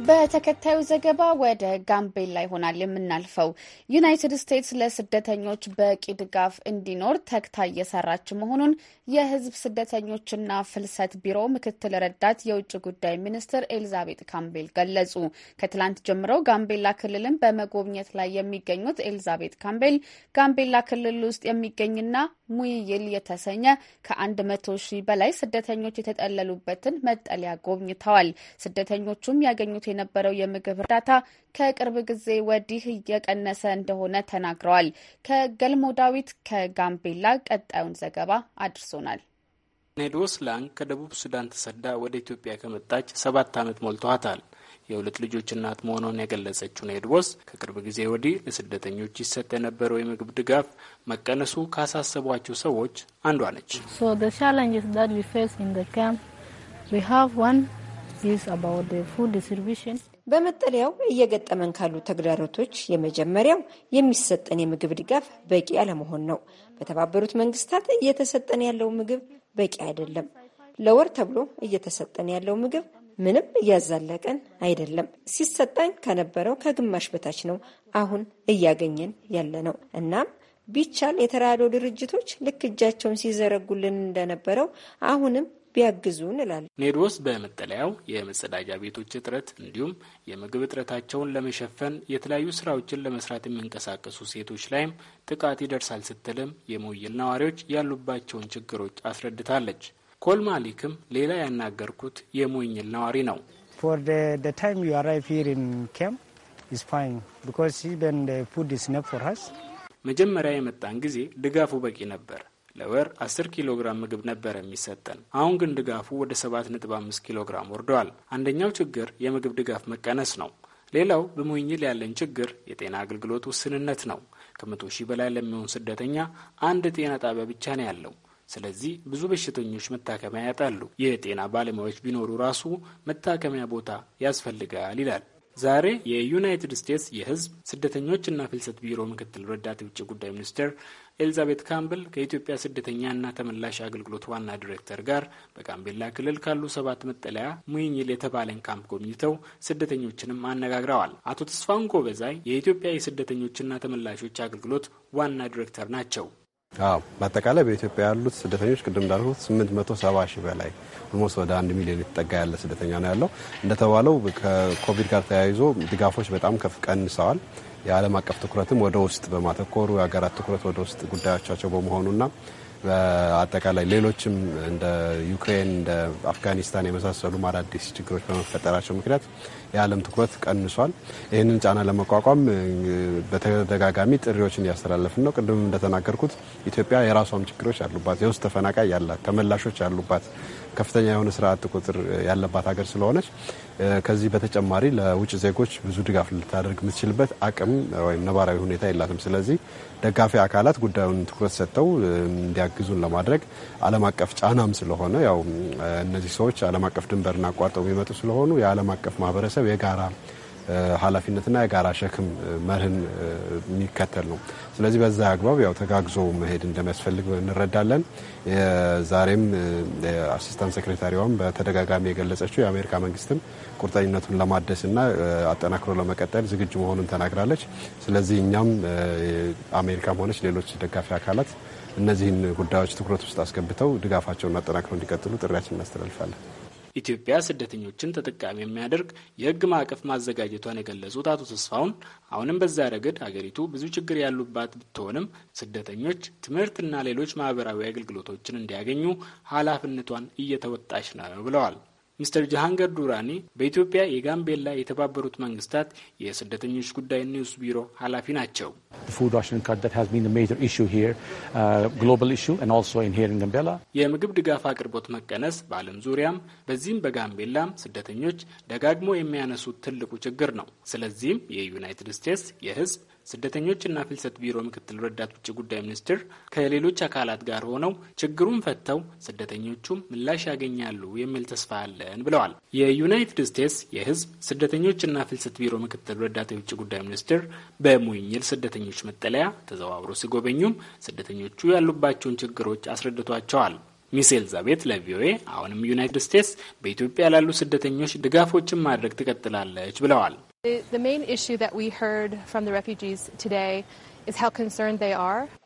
በተከታዩ ዘገባ ወደ ጋምቤላ ይሆናል የምናልፈው። ዩናይትድ ስቴትስ ለስደተኞች በቂ ድጋፍ እንዲኖር ተግታ እየሰራች መሆኑን የሕዝብ ስደተኞችና ፍልሰት ቢሮ ምክትል ረዳት የውጭ ጉዳይ ሚኒስትር ኤልዛቤት ካምቤል ገለጹ። ከትላንት ጀምሮ ጋምቤላ ክልልን በመጎብኘት ላይ የሚገኙት ኤልዛቤት ካምቤል ጋምቤላ ክልል ውስጥ የሚገኝና ሙይይል የተሰኘ ከ መቶ ሺህ በላይ ስደተኞች የተጠለሉበትን መጠለያ ጎብኝተዋል። ስደተኞቹም ያገኙት የነበረው የምግብ እርዳታ ከቅርብ ጊዜ ወዲህ እየቀነሰ እንደሆነ ተናግረዋል። ከገልሞ ዳዊት ከጋምቤላ ቀጣዩን ዘገባ አድርሶናል። ኔዶ ስላንግ ከደቡብ ሱዳን ተሰዳ ወደ ኢትዮጵያ ከመጣች ሰባት ዓመት ሞልቷታል። የሁለት ልጆች እናት መሆኗን የገለጸችው ኔድቦስ ከቅርብ ጊዜ ወዲህ ለስደተኞች ይሰጥ የነበረው የምግብ ድጋፍ መቀነሱ ካሳሰቧቸው ሰዎች አንዷ ነች። በመጠለያው እየገጠመን ካሉ ተግዳሮቶች የመጀመሪያው የሚሰጠን የምግብ ድጋፍ በቂ አለመሆን ነው። በተባበሩት መንግስታት እየተሰጠን ያለው ምግብ በቂ አይደለም። ለወር ተብሎ እየተሰጠን ያለው ምግብ ምንም እያዛለቀን አይደለም። ሲሰጠን ከነበረው ከግማሽ በታች ነው አሁን እያገኘን ያለ ነው። እናም ቢቻል የተራድኦ ድርጅቶች ልክ እጃቸውን ሲዘረጉልን እንደነበረው አሁንም ቢያግዙን እላለሁ። ኔድሮስ በመጠለያው የመጸዳጃ ቤቶች እጥረት እንዲሁም የምግብ እጥረታቸውን ለመሸፈን የተለያዩ ስራዎችን ለመስራት የሚንቀሳቀሱ ሴቶች ላይም ጥቃት ይደርሳል ስትልም የሞይል ነዋሪዎች ያሉባቸውን ችግሮች አስረድታለች። ኮልማሊክም ሌላ ያናገርኩት የሞኝል ነዋሪ ነው። መጀመሪያ የመጣን ጊዜ ድጋፉ በቂ ነበር። ለወር 10 ኪሎ ግራም ምግብ ነበር የሚሰጠን። አሁን ግን ድጋፉ ወደ 7.5 ኪሎ ግራም ወርደዋል። አንደኛው ችግር የምግብ ድጋፍ መቀነስ ነው። ሌላው በሞኝል ያለን ችግር የጤና አገልግሎት ውስንነት ነው። ከመቶ ሺህ በላይ ለሚሆን ስደተኛ አንድ ጤና ጣቢያ ብቻ ነው ያለው። ስለዚህ ብዙ በሽተኞች መታከሚያ ያጣሉ። የጤና ባለሙያዎች ቢኖሩ ራሱ መታከሚያ ቦታ ያስፈልጋል ይላል። ዛሬ የዩናይትድ ስቴትስ የሕዝብ ስደተኞችና ፍልሰት ቢሮ ምክትል ረዳት የውጭ ጉዳይ ሚኒስትር ኤልዛቤት ካምብል ከኢትዮጵያ ስደተኛና ተመላሽ አገልግሎት ዋና ዲሬክተር ጋር በጋምቤላ ክልል ካሉ ሰባት መጠለያ ሙይኝል የተባለን ካምፕ ጎብኝተው ስደተኞችንም አነጋግረዋል። አቶ ተስፋሁን ጎበዛይ የኢትዮጵያ የስደተኞችና ተመላሾች አገልግሎት ዋና ዲሬክተር ናቸው። አዎ በአጠቃላይ በኢትዮጵያ ያሉት ስደተኞች ቅድም እንዳልኩት 870 ሺህ በላይ ኦልሞስት ወደ አንድ ሚሊዮን የተጠጋ ያለ ስደተኛ ነው ያለው። እንደተባለው ከኮቪድ ጋር ተያይዞ ድጋፎች በጣም ከፍ ቀንሰዋል። የዓለም አቀፍ ትኩረትም ወደ ውስጥ በማተኮሩ የሀገራት ትኩረት ወደ ውስጥ ጉዳዮቻቸው በመሆኑና በአጠቃላይ ሌሎችም እንደ ዩክሬን እንደ አፍጋኒስታን የመሳሰሉ አዳዲስ ችግሮች በመፈጠራቸው ምክንያት የዓለም ትኩረት ቀንሷል። ይህንን ጫና ለመቋቋም በተደጋጋሚ ጥሪዎችን እያስተላለፍን ነው። ቅድም እንደተናገርኩት ኢትዮጵያ የራሷም ችግሮች ያሉባት፣ የውስጥ ተፈናቃይ ያላት፣ ተመላሾች ያሉባት ከፍተኛ የሆነ ስራ አጥ ቁጥር ያለባት ሀገር ስለሆነች ከዚህ በተጨማሪ ለውጭ ዜጎች ብዙ ድጋፍ ልታደርግ የምትችልበት አቅም ወይም ነባራዊ ሁኔታ የላትም። ስለዚህ ደጋፊ አካላት ጉዳዩን ትኩረት ሰጥተው እንዲያግዙን ለማድረግ ዓለም አቀፍ ጫናም ስለሆነ ያው እነዚህ ሰዎች ዓለም አቀፍ ድንበርን አቋርጠው የሚመጡ ስለሆኑ የዓለም አቀፍ ማህበረሰብ የጋራ ኃላፊነትና የጋራ ሸክም መርህን የሚከተል ነው። ስለዚህ በዛ አግባብ ያው ተጋግዞ መሄድ እንደሚያስፈልግ እንረዳለን። ዛሬም አሲስታንት ሴክሬታሪዋም በተደጋጋሚ የገለጸችው የአሜሪካ መንግስትም ቁርጠኝነቱን ለማደስና አጠናክሮ ለመቀጠል ዝግጁ መሆኑን ተናግራለች። ስለዚህ እኛም አሜሪካም ሆነች ሌሎች ደጋፊ አካላት እነዚህን ጉዳዮች ትኩረት ውስጥ አስገብተው ድጋፋቸውን አጠናክሮ እንዲቀጥሉ ጥሪያችን እናስተላልፋለን። ኢትዮጵያ ስደተኞችን ተጠቃሚ የሚያደርግ የህግ ማዕቀፍ ማዘጋጀቷን የገለጹት አቶ ተስፋውን አሁንም በዛ ረገድ አገሪቱ ብዙ ችግር ያሉባት ብትሆንም ስደተኞች ትምህርትና ሌሎች ማህበራዊ አገልግሎቶችን እንዲያገኙ ኃላፊነቷን እየተወጣች ነው ብለዋል። ሚስተር ጃሃንገር ዱራኒ በኢትዮጵያ የጋምቤላ የተባበሩት መንግስታት የስደተኞች ጉዳይ ኒውስ ቢሮ ኃላፊ ናቸው። uh, የምግብ ድጋፍ አቅርቦት መቀነስ በዓለም ዙሪያም በዚህም በጋምቤላም ስደተኞች ደጋግሞ የሚያነሱት ትልቁ ችግር ነው። ስለዚህም የዩናይትድ ስቴትስ የህዝብ ስደተኞችና ፍልሰት ቢሮ ምክትል ረዳት ውጭ ጉዳይ ሚኒስትር ከሌሎች አካላት ጋር ሆነው ችግሩን ፈተው ስደተኞቹም ምላሽ ያገኛሉ የሚል ተስፋ አለን ብለዋል። የዩናይትድ ስቴትስ የህዝብ ስደተኞችና ፍልሰት ቢሮ ምክትል ረዳት የውጭ ጉዳይ ሚኒስትር በሙኝል ስደተኞች መጠለያ ተዘዋውሮ ሲጎበኙም ስደተኞቹ ያሉባቸውን ችግሮች አስረድቷቸዋል። ሚስ ኤልዛቤት ለቪኦኤ አሁንም ዩናይትድ ስቴትስ በኢትዮጵያ ላሉ ስደተኞች ድጋፎችን ማድረግ ትቀጥላለች ብለዋል።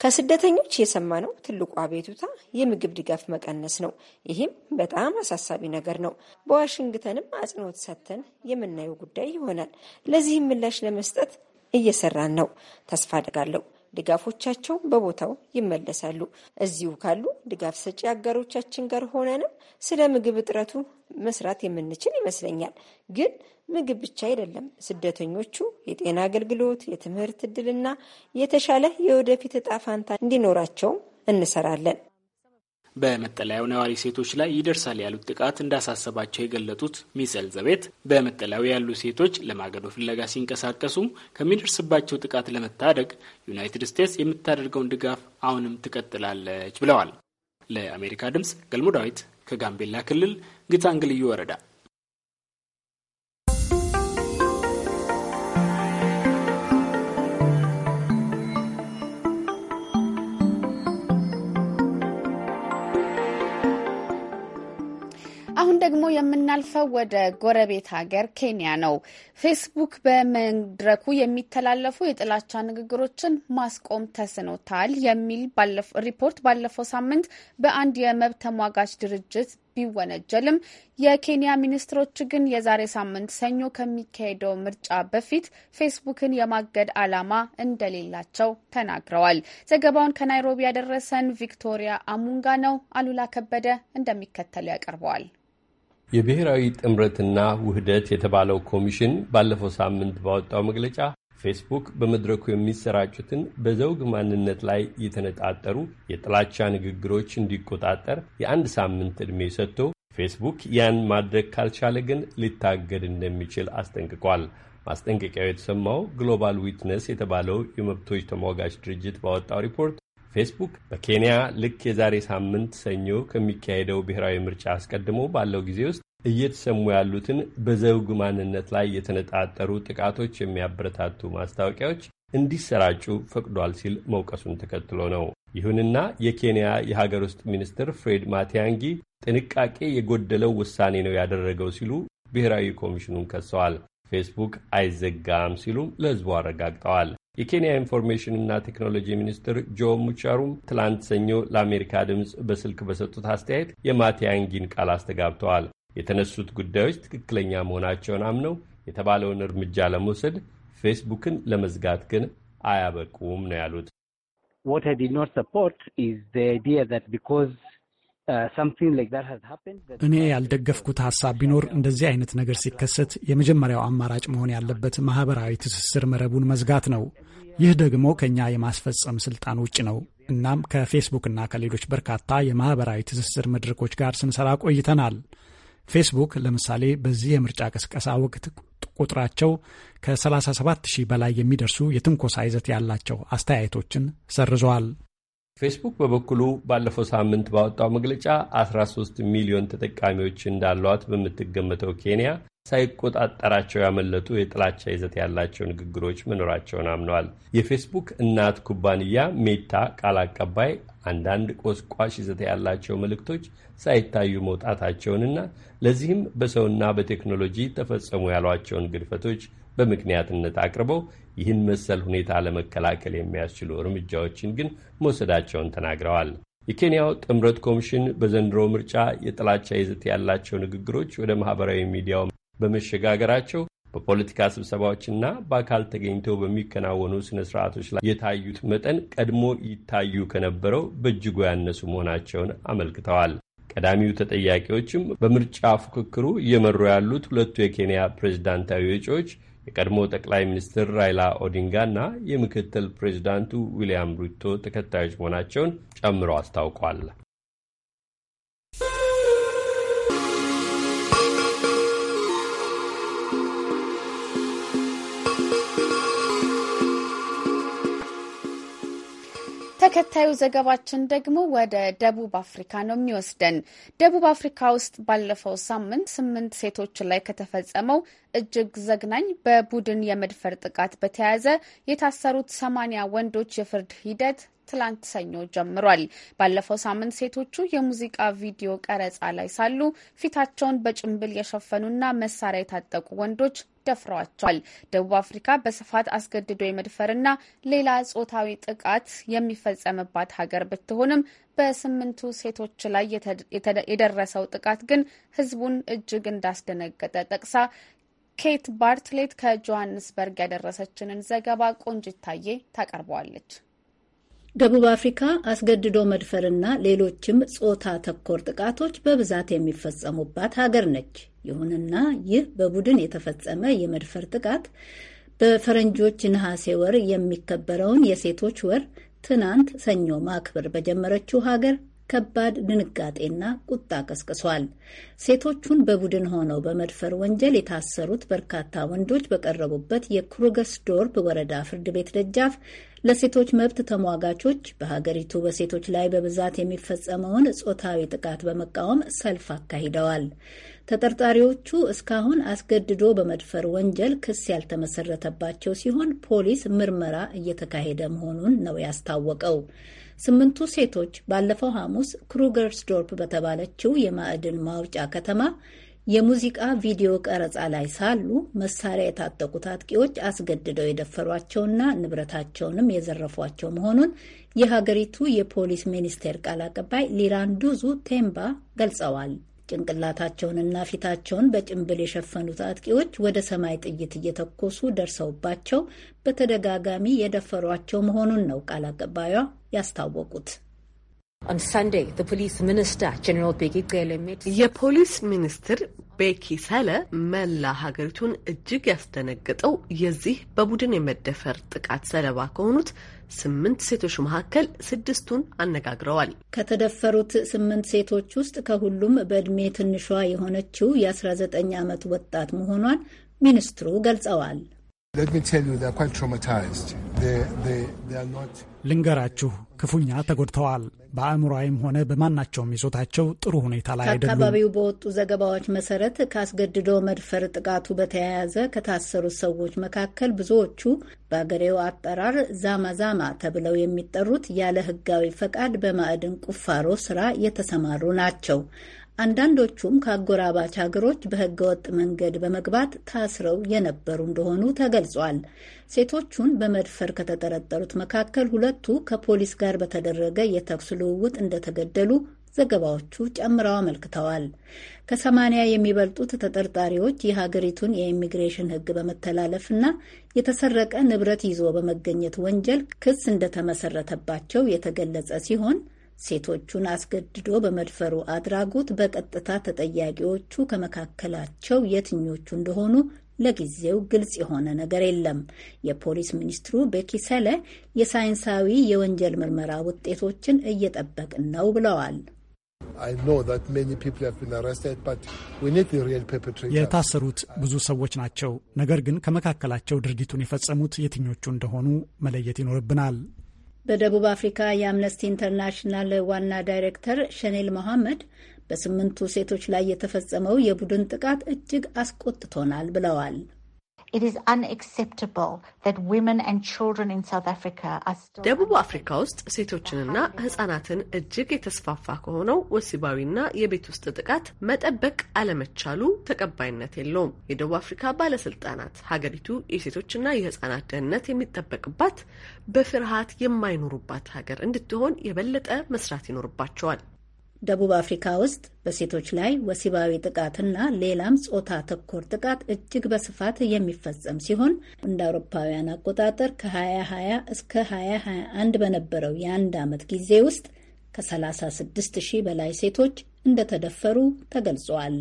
ከስደተኞች የሰማነው ትልቁ አቤቱታ የምግብ ድጋፍ መቀነስ ነው። ይህም በጣም አሳሳቢ ነገር ነው። በዋሽንግተንም አጽንኦት ሰጥተን የምናየው ጉዳይ ይሆናል። ለዚህም ምላሽ ለመስጠት እየሰራን ነው። ተስፋ አደርጋለሁ ድጋፎቻቸው በቦታው ይመለሳሉ። እዚሁ ካሉ ድጋፍ ሰጪ አጋሮቻችን ጋር ሆነንም ስለ ምግብ እጥረቱ መስራት የምንችል ይመስለኛል ግን ምግብ ብቻ አይደለም። ስደተኞቹ የጤና አገልግሎት፣ የትምህርት እድልና የተሻለ የወደፊት እጣ ፋንታ እንዲኖራቸውም እንሰራለን። በመጠለያው ነዋሪ ሴቶች ላይ ይደርሳል ያሉት ጥቃት እንዳሳሰባቸው የገለጡት ሚሰል ዘቤት በመጠለያው ያሉ ሴቶች ለማገዶ ፍለጋ ሲንቀሳቀሱ ከሚደርስባቸው ጥቃት ለመታደግ ዩናይትድ ስቴትስ የምታደርገውን ድጋፍ አሁንም ትቀጥላለች ብለዋል። ለአሜሪካ ድምፅ ገልሞ ዳዊት ከጋምቤላ ክልል ግታንግልዩ ወረዳ ደግሞ የምናልፈው ወደ ጎረቤት ሀገር ኬንያ ነው። ፌስቡክ በመድረኩ የሚተላለፉ የጥላቻ ንግግሮችን ማስቆም ተስኖታል የሚል ሪፖርት ባለፈው ሳምንት በአንድ የመብት ተሟጋች ድርጅት ቢወነጀልም የኬንያ ሚኒስትሮች ግን የዛሬ ሳምንት ሰኞ ከሚካሄደው ምርጫ በፊት ፌስቡክን የማገድ ዓላማ እንደሌላቸው ተናግረዋል። ዘገባውን ከናይሮቢ ያደረሰን ቪክቶሪያ አሙንጋ ነው። አሉላ ከበደ እንደሚከተሉ ያቀርበዋል። የብሔራዊ ጥምረትና ውህደት የተባለው ኮሚሽን ባለፈው ሳምንት ባወጣው መግለጫ ፌስቡክ በመድረኩ የሚሰራጩትን በዘውግ ማንነት ላይ የተነጣጠሩ የጥላቻ ንግግሮች እንዲቆጣጠር የአንድ ሳምንት ዕድሜ ሰጥቶ ፌስቡክ ያን ማድረግ ካልቻለ ግን ሊታገድ እንደሚችል አስጠንቅቋል። ማስጠንቀቂያው የተሰማው ግሎባል ዊትነስ የተባለው የመብቶች ተሟጋች ድርጅት ባወጣው ሪፖርት ፌስቡክ በኬንያ ልክ የዛሬ ሳምንት ሰኞ ከሚካሄደው ብሔራዊ ምርጫ አስቀድሞ ባለው ጊዜ ውስጥ እየተሰሙ ያሉትን በዘውግ ማንነት ላይ የተነጣጠሩ ጥቃቶች የሚያበረታቱ ማስታወቂያዎች እንዲሰራጩ ፈቅዷል ሲል መውቀሱን ተከትሎ ነው። ይሁንና የኬንያ የሀገር ውስጥ ሚኒስትር ፍሬድ ማቲያንጊ ጥንቃቄ የጎደለው ውሳኔ ነው ያደረገው ሲሉ ብሔራዊ ኮሚሽኑን ከሰዋል። ፌስቡክ አይዘጋም ሲሉም ለሕዝቡ አረጋግጠዋል። የኬንያ ኢንፎርሜሽንና ቴክኖሎጂ ሚኒስትር ጆ ሙቻሩም ትላንት ሰኞ ለአሜሪካ ድምፅ በስልክ በሰጡት አስተያየት የማቲያንጊን ቃል አስተጋብተዋል። የተነሱት ጉዳዮች ትክክለኛ መሆናቸውን አምነው የተባለውን እርምጃ ለመውሰድ ፌስቡክን ለመዝጋት ግን አያበቁም ነው ያሉት። What I did not support is the idea that because እኔ ያልደገፍኩት ሀሳብ ቢኖር እንደዚህ አይነት ነገር ሲከሰት የመጀመሪያው አማራጭ መሆን ያለበት ማህበራዊ ትስስር መረቡን መዝጋት ነው። ይህ ደግሞ ከኛ የማስፈጸም ስልጣን ውጭ ነው። እናም ከፌስቡክና ከሌሎች በርካታ የማህበራዊ ትስስር መድረኮች ጋር ስንሰራ ቆይተናል። ፌስቡክ ለምሳሌ በዚህ የምርጫ ቅስቀሳ ወቅት ቁጥራቸው ከ37 ሺህ በላይ የሚደርሱ የትንኮሳ ይዘት ያላቸው አስተያየቶችን ሰርዘዋል። ፌስቡክ በበኩሉ ባለፈው ሳምንት ባወጣው መግለጫ 13 ሚሊዮን ተጠቃሚዎች እንዳሏት በምትገመተው ኬንያ ሳይቆጣጠራቸው ያመለጡ የጥላቻ ይዘት ያላቸው ንግግሮች መኖራቸውን አምነዋል። የፌስቡክ እናት ኩባንያ ሜታ ቃል አቀባይ አንዳንድ ቆስቋሽ ይዘት ያላቸው መልእክቶች ሳይታዩ መውጣታቸውንና ለዚህም በሰውና በቴክኖሎጂ ተፈጸሙ ያሏቸውን ግድፈቶች በምክንያትነት አቅርበው ይህን መሰል ሁኔታ ለመከላከል የሚያስችሉ እርምጃዎችን ግን መውሰዳቸውን ተናግረዋል። የኬንያው ጥምረት ኮሚሽን በዘንድሮ ምርጫ የጥላቻ ይዘት ያላቸው ንግግሮች ወደ ማህበራዊ ሚዲያው በመሸጋገራቸው በፖለቲካ ስብሰባዎችና በአካል ተገኝተው በሚከናወኑ ስነ ስርዓቶች ላይ የታዩት መጠን ቀድሞ ይታዩ ከነበረው በእጅጉ ያነሱ መሆናቸውን አመልክተዋል። ቀዳሚው ተጠያቂዎችም በምርጫ ፉክክሩ እየመሩ ያሉት ሁለቱ የኬንያ ፕሬዝዳንታዊ እጩዎች የቀድሞ ጠቅላይ ሚኒስትር ራይላ ኦዲንጋ እና የምክትል ፕሬዚዳንቱ ዊልያም ሩቶ ተከታዮች መሆናቸውን ጨምሮ አስታውቋል። ተከታዩ ዘገባችን ደግሞ ወደ ደቡብ አፍሪካ ነው የሚወስደን። ደቡብ አፍሪካ ውስጥ ባለፈው ሳምንት ስምንት ሴቶች ላይ ከተፈጸመው እጅግ ዘግናኝ በቡድን የመድፈር ጥቃት በተያያዘ የታሰሩት ሰማኒያ ወንዶች የፍርድ ሂደት ትላንት ሰኞ ጀምሯል። ባለፈው ሳምንት ሴቶቹ የሙዚቃ ቪዲዮ ቀረጻ ላይ ሳሉ ፊታቸውን በጭንብል የሸፈኑና መሳሪያ የታጠቁ ወንዶች ደፍረዋቸዋል። ደቡብ አፍሪካ በስፋት አስገድዶ የመድፈርና ሌላ ጾታዊ ጥቃት የሚፈጸምባት ሀገር ብትሆንም በስምንቱ ሴቶች ላይ የደረሰው ጥቃት ግን ሕዝቡን እጅግ እንዳስደነገጠ ጠቅሳ ኬት ባርትሌት ከጆሃንስበርግ ያደረሰችንን ዘገባ ቆንጅታዬ ታቀርበዋለች። ደቡብ አፍሪካ አስገድዶ መድፈርና ሌሎችም ጾታ ተኮር ጥቃቶች በብዛት የሚፈጸሙባት ሀገር ነች። ይሁንና ይህ በቡድን የተፈጸመ የመድፈር ጥቃት በፈረንጆች ነሐሴ ወር የሚከበረውን የሴቶች ወር ትናንት ሰኞ ማክበር በጀመረችው ሀገር ከባድ ድንጋጤና ቁጣ ቀስቅሷል። ሴቶቹን በቡድን ሆነው በመድፈር ወንጀል የታሰሩት በርካታ ወንዶች በቀረቡበት የክሩገስዶርፕ ወረዳ ፍርድ ቤት ደጃፍ ለሴቶች መብት ተሟጋቾች በሀገሪቱ በሴቶች ላይ በብዛት የሚፈጸመውን ጾታዊ ጥቃት በመቃወም ሰልፍ አካሂደዋል። ተጠርጣሪዎቹ እስካሁን አስገድዶ በመድፈር ወንጀል ክስ ያልተመሰረተባቸው ሲሆን ፖሊስ ምርመራ እየተካሄደ መሆኑን ነው ያስታወቀው። ስምንቱ ሴቶች ባለፈው ሐሙስ ክሩገርስዶርፕ በተባለችው የማዕድን ማውጫ ከተማ የሙዚቃ ቪዲዮ ቀረጻ ላይ ሳሉ መሳሪያ የታጠቁ ታጥቂዎች አስገድደው የደፈሯቸውና ንብረታቸውንም የዘረፏቸው መሆኑን የሀገሪቱ የፖሊስ ሚኒስቴር ቃል አቀባይ ሊራንዱዙ ቴምባ ገልጸዋል። ጭንቅላታቸውንና ፊታቸውን በጭንብል የሸፈኑት አጥቂዎች ወደ ሰማይ ጥይት እየተኮሱ ደርሰውባቸው በተደጋጋሚ የደፈሯቸው መሆኑን ነው ቃል አቀባዩ ያስታወቁት። የፖሊስ ሚኒስትር ቤኪ ሰለ መላ ሀገሪቱን እጅግ ያስደነገጠው የዚህ በቡድን የመደፈር ጥቃት ሰለባ ከሆኑት ስምንት ሴቶች መካከል ስድስቱን አነጋግረዋል። ከተደፈሩት ስምንት ሴቶች ውስጥ ከሁሉም በዕድሜ ትንሿ የሆነችው የ19 ዓመት ወጣት መሆኗን ሚኒስትሩ ገልጸዋል። ልንገራችሁ ክፉኛ ተጎድተዋል። በአእምሯዊም ሆነ በማናቸውም ይዞታቸው ጥሩ ሁኔታ ላይ አይደሉም። ከአካባቢው በወጡ ዘገባዎች መሰረት ከአስገድዶ መድፈር ጥቃቱ በተያያዘ ከታሰሩት ሰዎች መካከል ብዙዎቹ በአገሬው አጠራር ዛማ ዛማ ተብለው የሚጠሩት ያለ ሕጋዊ ፈቃድ በማዕድን ቁፋሮ ስራ የተሰማሩ ናቸው። አንዳንዶቹም ከአጎራባች ሀገሮች በህገወጥ መንገድ በመግባት ታስረው የነበሩ እንደሆኑ ተገልጿል። ሴቶቹን በመድፈር ከተጠረጠሩት መካከል ሁለቱ ከፖሊስ ጋር በተደረገ የተኩስ ልውውጥ እንደተገደሉ ዘገባዎቹ ጨምረው አመልክተዋል። ከሰማንያ የሚበልጡት ተጠርጣሪዎች የሀገሪቱን የኢሚግሬሽን ህግ በመተላለፍና የተሰረቀ ንብረት ይዞ በመገኘት ወንጀል ክስ እንደተመሰረተባቸው የተገለጸ ሲሆን ሴቶቹን አስገድዶ በመድፈሩ አድራጎት በቀጥታ ተጠያቂዎቹ ከመካከላቸው የትኞቹ እንደሆኑ ለጊዜው ግልጽ የሆነ ነገር የለም። የፖሊስ ሚኒስትሩ በኪሰለ የሳይንሳዊ የወንጀል ምርመራ ውጤቶችን እየጠበቅን ነው ብለዋል። የታሰሩት ብዙ ሰዎች ናቸው። ነገር ግን ከመካከላቸው ድርጊቱን የፈጸሙት የትኞቹ እንደሆኑ መለየት ይኖርብናል። በደቡብ አፍሪካ የአምነስቲ ኢንተርናሽናል ዋና ዳይሬክተር ሸኔል መሐመድ በስምንቱ ሴቶች ላይ የተፈጸመው የቡድን ጥቃት እጅግ አስቆጥቶናል ብለዋል። ደቡብ አፍሪካ ውስጥ ሴቶችንና ሕጻናትን እጅግ የተስፋፋ ከሆነው ወሲባዊና የቤት ውስጥ ጥቃት መጠበቅ አለመቻሉ ተቀባይነት የለውም። የደቡብ አፍሪካ ባለስልጣናት ሀገሪቱ የሴቶችና የሕጻናት ደህንነት የሚጠበቅባት በፍርሃት የማይኖሩባት ሀገር እንድትሆን የበለጠ መስራት ይኖርባቸዋል። ደቡብ አፍሪካ ውስጥ በሴቶች ላይ ወሲባዊ ጥቃትና ሌላም ጾታ ተኮር ጥቃት እጅግ በስፋት የሚፈጸም ሲሆን እንደ አውሮፓውያን አቆጣጠር ከ2020 እስከ 2021 በነበረው የአንድ ዓመት ጊዜ ውስጥ ከ36 ሺህ በላይ ሴቶች እንደተደፈሩ ተገልጿል።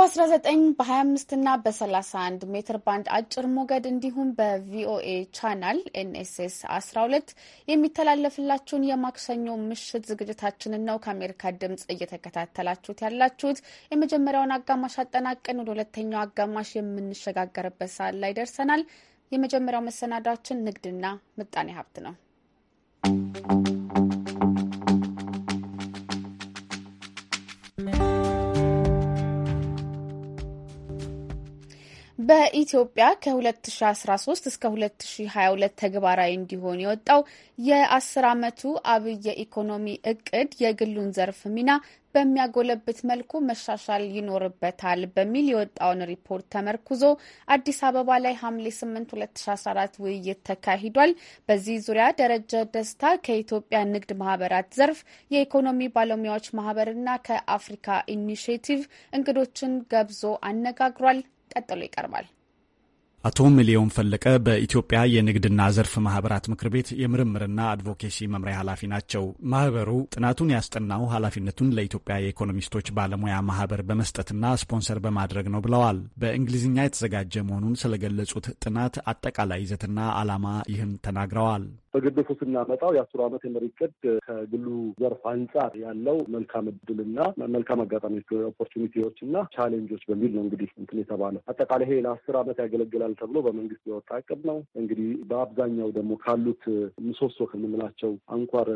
በ19 በ25 እና በ31 ሜትር ባንድ አጭር ሞገድ እንዲሁም በቪኦኤ ቻናል ኤንኤስኤስ 12 የሚተላለፍላችሁን የማክሰኞ ምሽት ዝግጅታችንን ነው ከአሜሪካ ድምፅ እየተከታተላችሁት ያላችሁት። የመጀመሪያውን አጋማሽ አጠናቀን ወደ ሁለተኛው አጋማሽ የምንሸጋገርበት ሰዓት ላይ ደርሰናል። የመጀመሪያው መሰናዳችን ንግድና ምጣኔ ሀብት ነው። በኢትዮጵያ ከ2013 እስከ 2022 ተግባራዊ እንዲሆን የወጣው የአስር 10 ዓመቱ አብይ የኢኮኖሚ እቅድ የግሉን ዘርፍ ሚና በሚያጎለብት መልኩ መሻሻል ይኖርበታል በሚል የወጣውን ሪፖርት ተመርኩዞ አዲስ አበባ ላይ ሐምሌ 8 2014 ውይይት ተካሂዷል። በዚህ ዙሪያ ደረጀ ደስታ ከኢትዮጵያ ንግድ ማህበራት ዘርፍ የኢኮኖሚ ባለሙያዎች ማህበርና ከአፍሪካ ኢኒሽቲቭ እንግዶችን ገብዞ አነጋግሯል። ቀጥሎ ይቀርባል። አቶ ሚሊዮን ፈለቀ በኢትዮጵያ የንግድና ዘርፍ ማህበራት ምክር ቤት የምርምርና አድቮኬሲ መምሪያ ኃላፊ ናቸው። ማህበሩ ጥናቱን ያስጠናው ኃላፊነቱን ለኢትዮጵያ የኢኮኖሚስቶች ባለሙያ ማህበር በመስጠትና ስፖንሰር በማድረግ ነው ብለዋል። በእንግሊዝኛ የተዘጋጀ መሆኑን ስለገለጹት ጥናት አጠቃላይ ይዘትና ዓላማ ይህን ተናግረዋል። በግድፉ ስናመጣው የአስሩ ዓመት የመሪ ዕቅድ ከግሉ ዘርፍ አንጻር ያለው መልካም እድልና መልካም አጋጣሚዎች ኦፖርቹኒቲዎች እና ቻሌንጆች በሚል ነው እንግዲህ እንትን የተባለ አጠቃላይ ይሄ ለአስር ዓመት ያገለግላል ተብሎ በመንግስት የወጣ እቅድ ነው። እንግዲህ በአብዛኛው ደግሞ ካሉት ምሰሶ ከምንላቸው አንኳር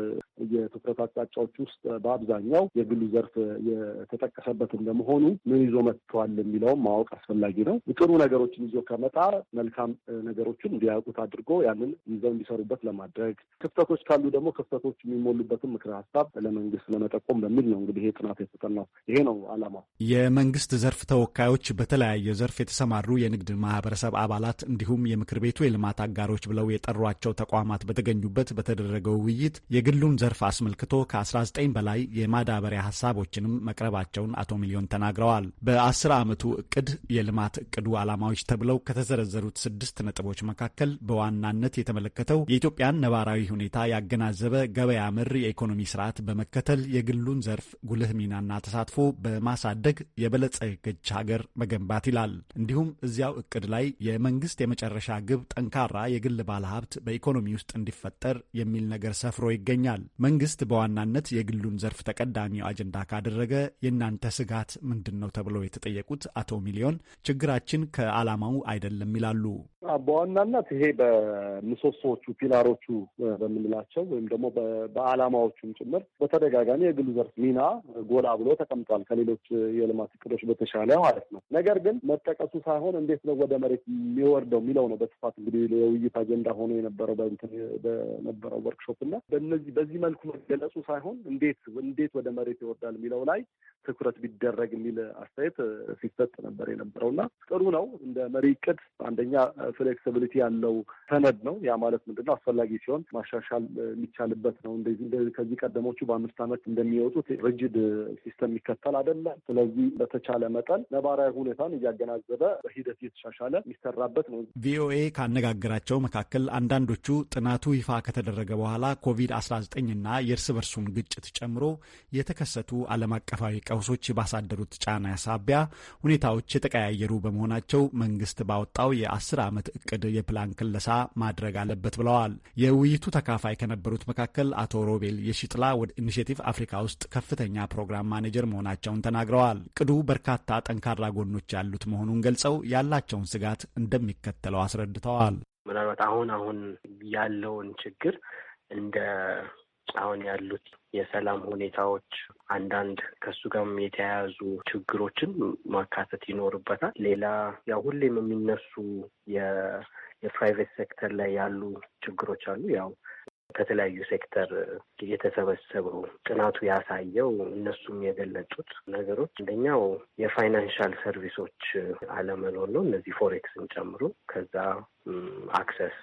የትኩረት አቅጣጫዎች ውስጥ በአብዛኛው የግሉ ዘርፍ የተጠቀሰበት እንደመሆኑ ምን ይዞ መጥቷል የሚለውም ማወቅ አስፈላጊ ነው። ጥሩ ነገሮችን ይዞ ከመጣ መልካም ነገሮችን እንዲያውቁት አድርጎ ያንን ይዘው እንዲሰሩበት ለማድረግ ማድረግ ክፍተቶች ካሉ ደግሞ ክፍተቶች የሚሞሉበትን ምክረ ሀሳብ ለመንግስት ለመጠቆም በሚል ነው እንግዲህ ይሄ ጥናት የተጠናው። ይሄ ነው አላማው። የመንግስት ዘርፍ ተወካዮች በተለያየ ዘርፍ የተሰማሩ የንግድ ማህበረሰብ አባላት እንዲሁም የምክር ቤቱ የልማት አጋሮች ብለው የጠሯቸው ተቋማት በተገኙበት በተደረገው ውይይት የግሉን ዘርፍ አስመልክቶ ከ19 በላይ የማዳበሪያ ሀሳቦችንም መቅረባቸውን አቶ ሚሊዮን ተናግረዋል። በአስር ዓመቱ እቅድ የልማት እቅዱ አላማዎች ተብለው ከተዘረዘሩት ስድስት ነጥቦች መካከል በዋናነት የተመለከተው የኢትዮጵያን ነባራዊ ሁኔታ ያገናዘበ ገበያ ምር የኢኮኖሚ ስርዓት በመከተል የግሉን ዘርፍ ጉልህ ሚናና ተሳትፎ በማሳደግ የበለጸገች ሀገር መገንባት ይላል። እንዲሁም እዚያው እቅድ ላይ የመንግስት የመጨረሻ ግብ ጠንካራ የግል ባለሀብት በኢኮኖሚ ውስጥ እንዲፈጠር የሚል ነገር ሰፍሮ ይገኛል። መንግስት በዋናነት የግሉን ዘርፍ ተቀዳሚው አጀንዳ ካደረገ የእናንተ ስጋት ምንድን ነው ተብለው የተጠየቁት አቶ ሚሊዮን ችግራችን ከዓላማው አይደለም ይላሉ። በዋናነት ይሄ በምሰሶዎቹ ፒላሮች ናችሁ በምንላቸው ወይም ደግሞ በዓላማዎቹም ጭምር በተደጋጋሚ የግሉ ዘርፍ ሚና ጎላ ብሎ ተቀምጧል ከሌሎች የልማት እቅዶች በተሻለ ማለት ነው። ነገር ግን መጠቀሱ ሳይሆን እንዴት ነው ወደ መሬት የሚወርደው የሚለው ነው በስፋት እንግዲህ የውይይት አጀንዳ ሆኖ የነበረው በነበረው ወርክሾፕ እና በነዚህ በዚህ መልኩ መገለጹ ሳይሆን እንዴት እንዴት ወደ መሬት ይወርዳል የሚለው ላይ ትኩረት ቢደረግ የሚል አስተያየት ሲሰጥ ነበር የነበረው እና ጥሩ ነው። እንደ መሪ እቅድ አንደኛ ፍሌክሲቢሊቲ ያለው ሰነድ ነው። ያ ማለት ምንድነው አስፈላጊ አስፈላጊ ሲሆን ማሻሻል የሚቻልበት ነው። እንደዚህ ከዚህ ቀደሞቹ በአምስት ዓመት እንደሚወጡት ሪጅድ ሲስተም ይከተል አይደለም። ስለዚህ በተቻለ መጠን ነባራዊ ሁኔታን እያገናዘበ በሂደት እየተሻሻለ የሚሰራበት ነው። ቪኦኤ ካነጋገራቸው መካከል አንዳንዶቹ ጥናቱ ይፋ ከተደረገ በኋላ ኮቪድ-19ና የእርስ በርሱን ግጭት ጨምሮ የተከሰቱ ዓለም አቀፋዊ ቀውሶች ባሳደሩት ጫና ሳቢያ ሁኔታዎች የተቀያየሩ በመሆናቸው መንግስት ባወጣው የአስር ዓመት እቅድ የፕላን ክለሳ ማድረግ አለበት ብለዋል። የውይይቱ ተካፋይ ከነበሩት መካከል አቶ ሮቤል የሺጥላ ወደ ኢኒሽቲቭ አፍሪካ ውስጥ ከፍተኛ ፕሮግራም ማኔጀር መሆናቸውን ተናግረዋል። ቅዱ በርካታ ጠንካራ ጎኖች ያሉት መሆኑን ገልጸው ያላቸውን ስጋት እንደሚከተለው አስረድተዋል። ምናልባት አሁን አሁን ያለውን ችግር እንደ አሁን ያሉት የሰላም ሁኔታዎች አንዳንድ ከሱ ጋርም የተያያዙ ችግሮችን ማካተት ይኖርበታል። ሌላ ያው ሁሌም የሚነሱ የፕራይቬት ሴክተር ላይ ያሉ ችግሮች አሉ ያው ከተለያዩ ሴክተር የተሰበሰበው ጥናቱ ያሳየው እነሱም የገለጡት ነገሮች አንደኛው የፋይናንሻል ሰርቪሶች አለመኖር ነው። እነዚህ ፎሬክስን ጨምሮ ከዛ አክሰስ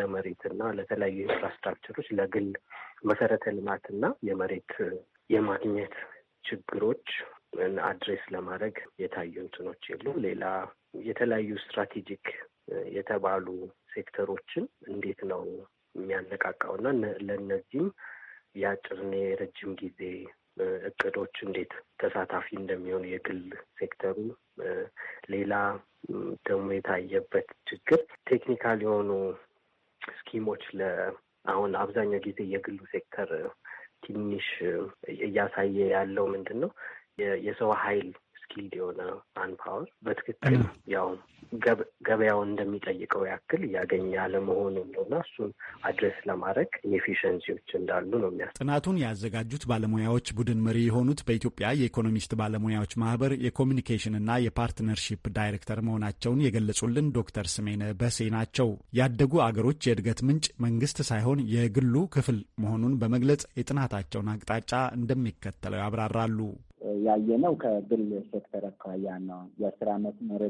ለመሬት እና ለተለያዩ ኢንፍራስትራክቸሮች ለግል መሰረተ ልማት እና የመሬት የማግኘት ችግሮች አድሬስ ለማድረግ የታዩ እንትኖች የሉም። ሌላ የተለያዩ ስትራቴጂክ የተባሉ ሴክተሮችን እንዴት ነው የሚያነቃቃውና ለእነዚህም የአጭርና የረጅም ጊዜ እቅዶች እንዴት ተሳታፊ እንደሚሆኑ የግል ሴክተሩ ሌላ ደግሞ የታየበት ችግር ቴክኒካል የሆኑ ስኪሞች ለአሁን አብዛኛው ጊዜ የግሉ ሴክተር ትንሽ እያሳየ ያለው ምንድን ነው የሰው ኃይል ስኪልድ የሆነ ማንፓወር በትክክል ያው ገበያውን እንደሚጠይቀው ያክል እያገኘ አለመሆኑን ነው እና እሱን አድረስ ለማድረግ ኢንኤፊሸንሲዎች እንዳሉ ነው የሚያስ ጥናቱን ያዘጋጁት ባለሙያዎች ቡድን መሪ የሆኑት በኢትዮጵያ የኢኮኖሚስት ባለሙያዎች ማህበር የኮሚኒኬሽንና የፓርትነርሺፕ ዳይሬክተር መሆናቸውን የገለጹልን ዶክተር ስሜነ በሴ ናቸው። ያደጉ አገሮች የእድገት ምንጭ መንግስት ሳይሆን የግሉ ክፍል መሆኑን በመግለጽ የጥናታቸውን አቅጣጫ እንደሚከተለው ያብራራሉ። ያየ ነው ከግል ሴክተር አኳያ ነው። የስራ አመት መሪ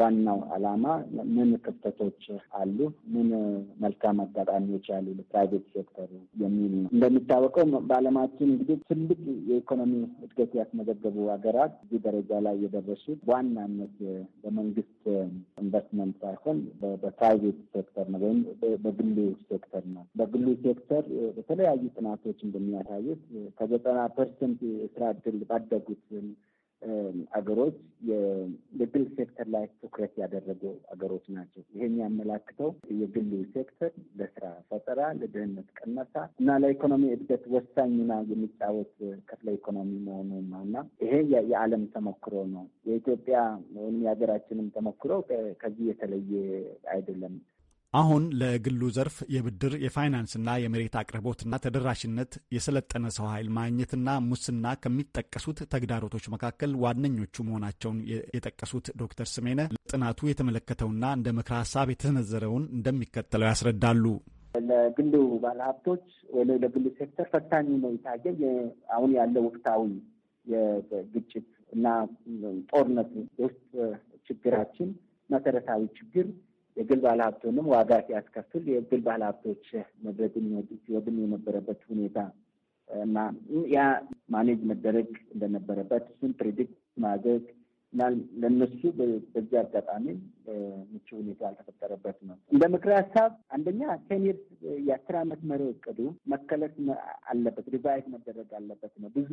ዋናው አላማ ምን ክፍተቶች አሉ፣ ምን መልካም አጋጣሚዎች አሉ ለፕራይቬት ሴክተሩ የሚል ነው። እንደሚታወቀው በዓለማችን እንግዲህ ትልቅ የኢኮኖሚ እድገት ያስመዘገቡ ሀገራት እዚህ ደረጃ ላይ የደረሱት በዋናነት በመንግስት ኢንቨስትመንት ሳይሆን በፕራይቬት ሴክተር ነው ወይም በግሉ ሴክተር ነው። በግሉ ሴክተር በተለያዩ ጥናቶች እንደሚያሳዩት ከዘጠና ፐርሰንት የስራ እድል ባደጉትን አገሮች የግል ሴክተር ላይ ትኩረት ያደረጉ አገሮች ናቸው። ይህ የሚያመላክተው የግል ሴክተር ለስራ ፈጠራ፣ ለድህነት ቅነሳ እና ለኢኮኖሚ እድገት ወሳኝ ሚና የሚጫወት ክፍለ ኢኮኖሚ መሆኑን ነው እና ይሄ የዓለም ተሞክሮ ነው። የኢትዮጵያ ወይም የሀገራችንም ተሞክሮ ከዚህ የተለየ አይደለም። አሁን ለግሉ ዘርፍ የብድር የፋይናንስና የመሬት አቅርቦትና ተደራሽነት፣ የሰለጠነ ሰው ኃይል ማግኘትና ሙስና ከሚጠቀሱት ተግዳሮቶች መካከል ዋነኞቹ መሆናቸውን የጠቀሱት ዶክተር ስሜነ ጥናቱ የተመለከተውና እንደ ምክረ ሀሳብ የተሰነዘረውን እንደሚከተለው ያስረዳሉ። ለግሉ ባለሀብቶች ወይ ለግሉ ሴክተር ፈታኝ ነው የታየ አሁን ያለው ወቅታዊ የግጭት እና ጦርነት የውስጥ ችግራችን መሰረታዊ ችግር የግል ባለሀብቱንም ዋጋ ሲያስከፍል የግል ባለሀብቶች መድረግን ሲወድም የነበረበት ሁኔታ እና ያ ማኔጅ መደረግ እንደነበረበት እሱን ፕሬዲክት ማድረግ እና ለነሱ በዚህ አጋጣሚ ምቹ ሁኔታ አልተፈጠረበት ነው። እንደ ምክር ሀሳብ አንደኛ ቴኒር የአስር አመት መሪ እቅዱ መከለስ አለበት፣ ሪቫይዝ መደረግ አለበት ነው። ብዙ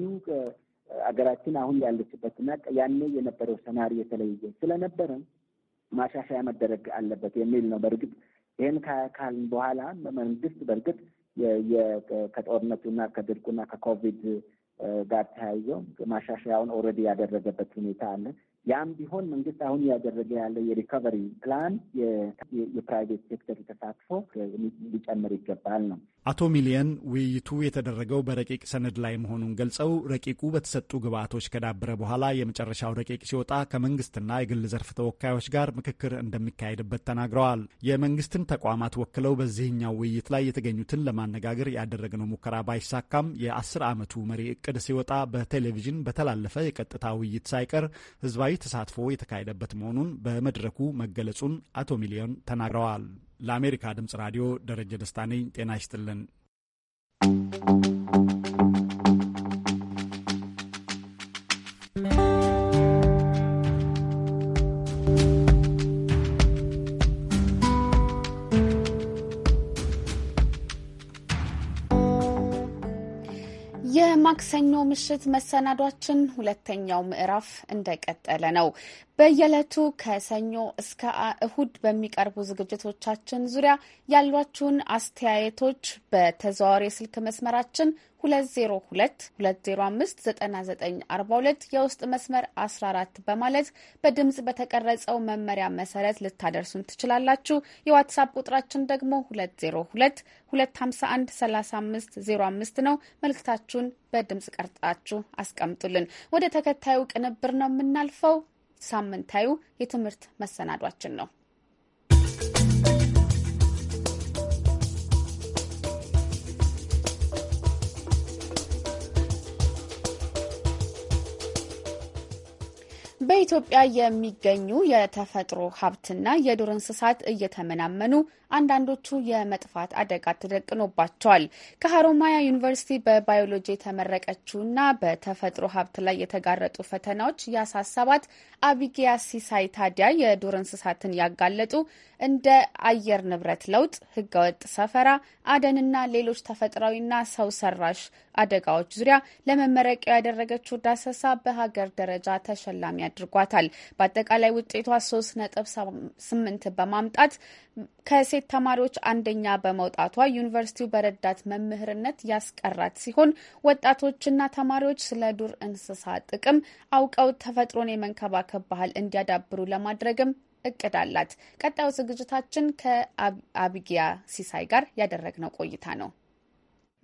አገራችን አሁን ያለችበትና ያኔ የነበረው ሰናሪ የተለየ ስለነበረ ማሻሻያ መደረግ አለበት የሚል ነው። በእርግጥ ይህን ካልን በኋላ መንግስት በእርግጥ ከጦርነቱና ከድርቁና ከኮቪድ ጋር ተያይዞ ማሻሻያውን ኦልሬዲ ያደረገበት ሁኔታ አለ። ያም ቢሆን መንግስት አሁን እያደረገ ያለው የሪከቨሪ ፕላን የፕራይቬት ሴክተር ተሳትፎ ሊጨምር ይገባል ነው። አቶ ሚሊየን ውይይቱ የተደረገው በረቂቅ ሰነድ ላይ መሆኑን ገልጸው ረቂቁ በተሰጡ ግብአቶች ከዳበረ በኋላ የመጨረሻው ረቂቅ ሲወጣ ከመንግስትና የግል ዘርፍ ተወካዮች ጋር ምክክር እንደሚካሄድበት ተናግረዋል። የመንግስትን ተቋማት ወክለው በዚህኛው ውይይት ላይ የተገኙትን ለማነጋገር ያደረግነው ሙከራ ባይሳካም የአስር ዓመቱ መሪ እቅድ ሲወጣ በቴሌቪዥን በተላለፈ የቀጥታ ውይይት ሳይቀር ህዝባዊ ተሳትፎ የተካሄደበት መሆኑን በመድረኩ መገለጹን አቶ ሚሊየን ተናግረዋል። ለአሜሪካ ድምፅ ራዲዮ ደረጀ ደስታ ነኝ። ጤና ይስጥልን። የሰኞ ምሽት መሰናዷችን ሁለተኛው ምዕራፍ እንደቀጠለ ነው። በየዕለቱ ከሰኞ እስከ እሁድ በሚቀርቡ ዝግጅቶቻችን ዙሪያ ያሏችሁን አስተያየቶች በተዘዋዋሪ ስልክ መስመራችን 202 205 የውስጥ መስመር 14 በማለት በድምፅ በተቀረጸው መመሪያ መሰረት ልታደርሱን ትችላላችሁ። የዋትሳፕ ቁጥራችን ደግሞ 202 251 3505 ነው። መልእክታችሁን በድምፅ ቀርጣችሁ አስቀምጡልን። ወደ ተከታዩ ቅንብር ነው የምናልፈው። ሳምንታዩ የትምህርት መሰናዷችን ነው። በኢትዮጵያ የሚገኙ የተፈጥሮ ሀብትና የዱር እንስሳት እየተመናመኑ አንዳንዶቹ የመጥፋት አደጋ ተደቅኖባቸዋል። ከሀሮማያ ዩኒቨርሲቲ በባዮሎጂ የተመረቀችውና በተፈጥሮ ሀብት ላይ የተጋረጡ ፈተናዎች ያሳሰባት አቢጊያ ሲሳይ ታዲያ የዱር እንስሳትን ያጋለጡ እንደ አየር ንብረት ለውጥ፣ ህገወጥ ሰፈራ፣ አደንና ሌሎች ተፈጥሯዊና ሰው ሰራሽ አደጋዎች ዙሪያ ለመመረቂያው ያደረገችው ዳሰሳ በሀገር ደረጃ ተሸላሚ አድርጓታል። በአጠቃላይ ውጤቷ ሶስት ነጥብ ስምንት በማምጣት ከሴት ተማሪዎች አንደኛ በመውጣቷ ዩኒቨርሲቲው በረዳት መምህርነት ያስቀራት ሲሆን ወጣቶችና ተማሪዎች ስለ ዱር እንስሳ ጥቅም አውቀው ተፈጥሮን የመንከባከብ ባህል እንዲያዳብሩ ለማድረግም እቅድ አላት። ቀጣዩ ዝግጅታችን ከአቢጊያ ሲሳይ ጋር ያደረግነው ቆይታ ነው።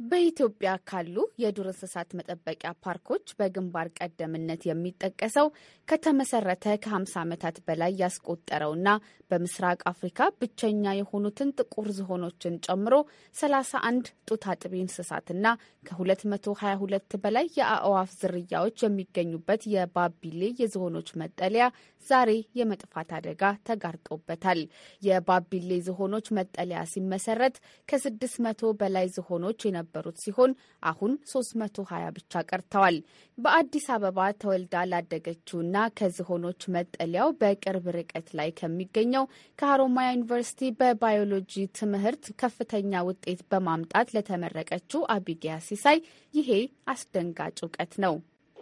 በኢትዮጵያ ካሉ የዱር እንስሳት መጠበቂያ ፓርኮች በግንባር ቀደምነት የሚጠቀሰው ከተመሰረተ ከ50 ዓመታት በላይ ያስቆጠረውና በምስራቅ አፍሪካ ብቸኛ የሆኑትን ጥቁር ዝሆኖችን ጨምሮ 31 ጡት አጥቢ እንስሳትና ከ222 በላይ የአእዋፍ ዝርያዎች የሚገኙበት የባቢሌ የዝሆኖች መጠለያ ዛሬ የመጥፋት አደጋ ተጋርጦበታል። የባቢሌ ዝሆኖች መጠለያ ሲመሰረት ከ600 በላይ ዝሆኖች የነበሩት ሲሆን አሁን 320 ብቻ ቀርተዋል። በአዲስ አበባ ተወልዳ ላደገችውና ከዝሆኖች መጠለያው በቅርብ ርቀት ላይ ከሚገኘው ከሀሮማያ ዩኒቨርሲቲ በባዮሎጂ ትምህርት ከፍተኛ ውጤት በማምጣት ለተመረቀችው አቢጊያ ሲሳይ ይሄ አስደንጋጭ እውቀት ነው።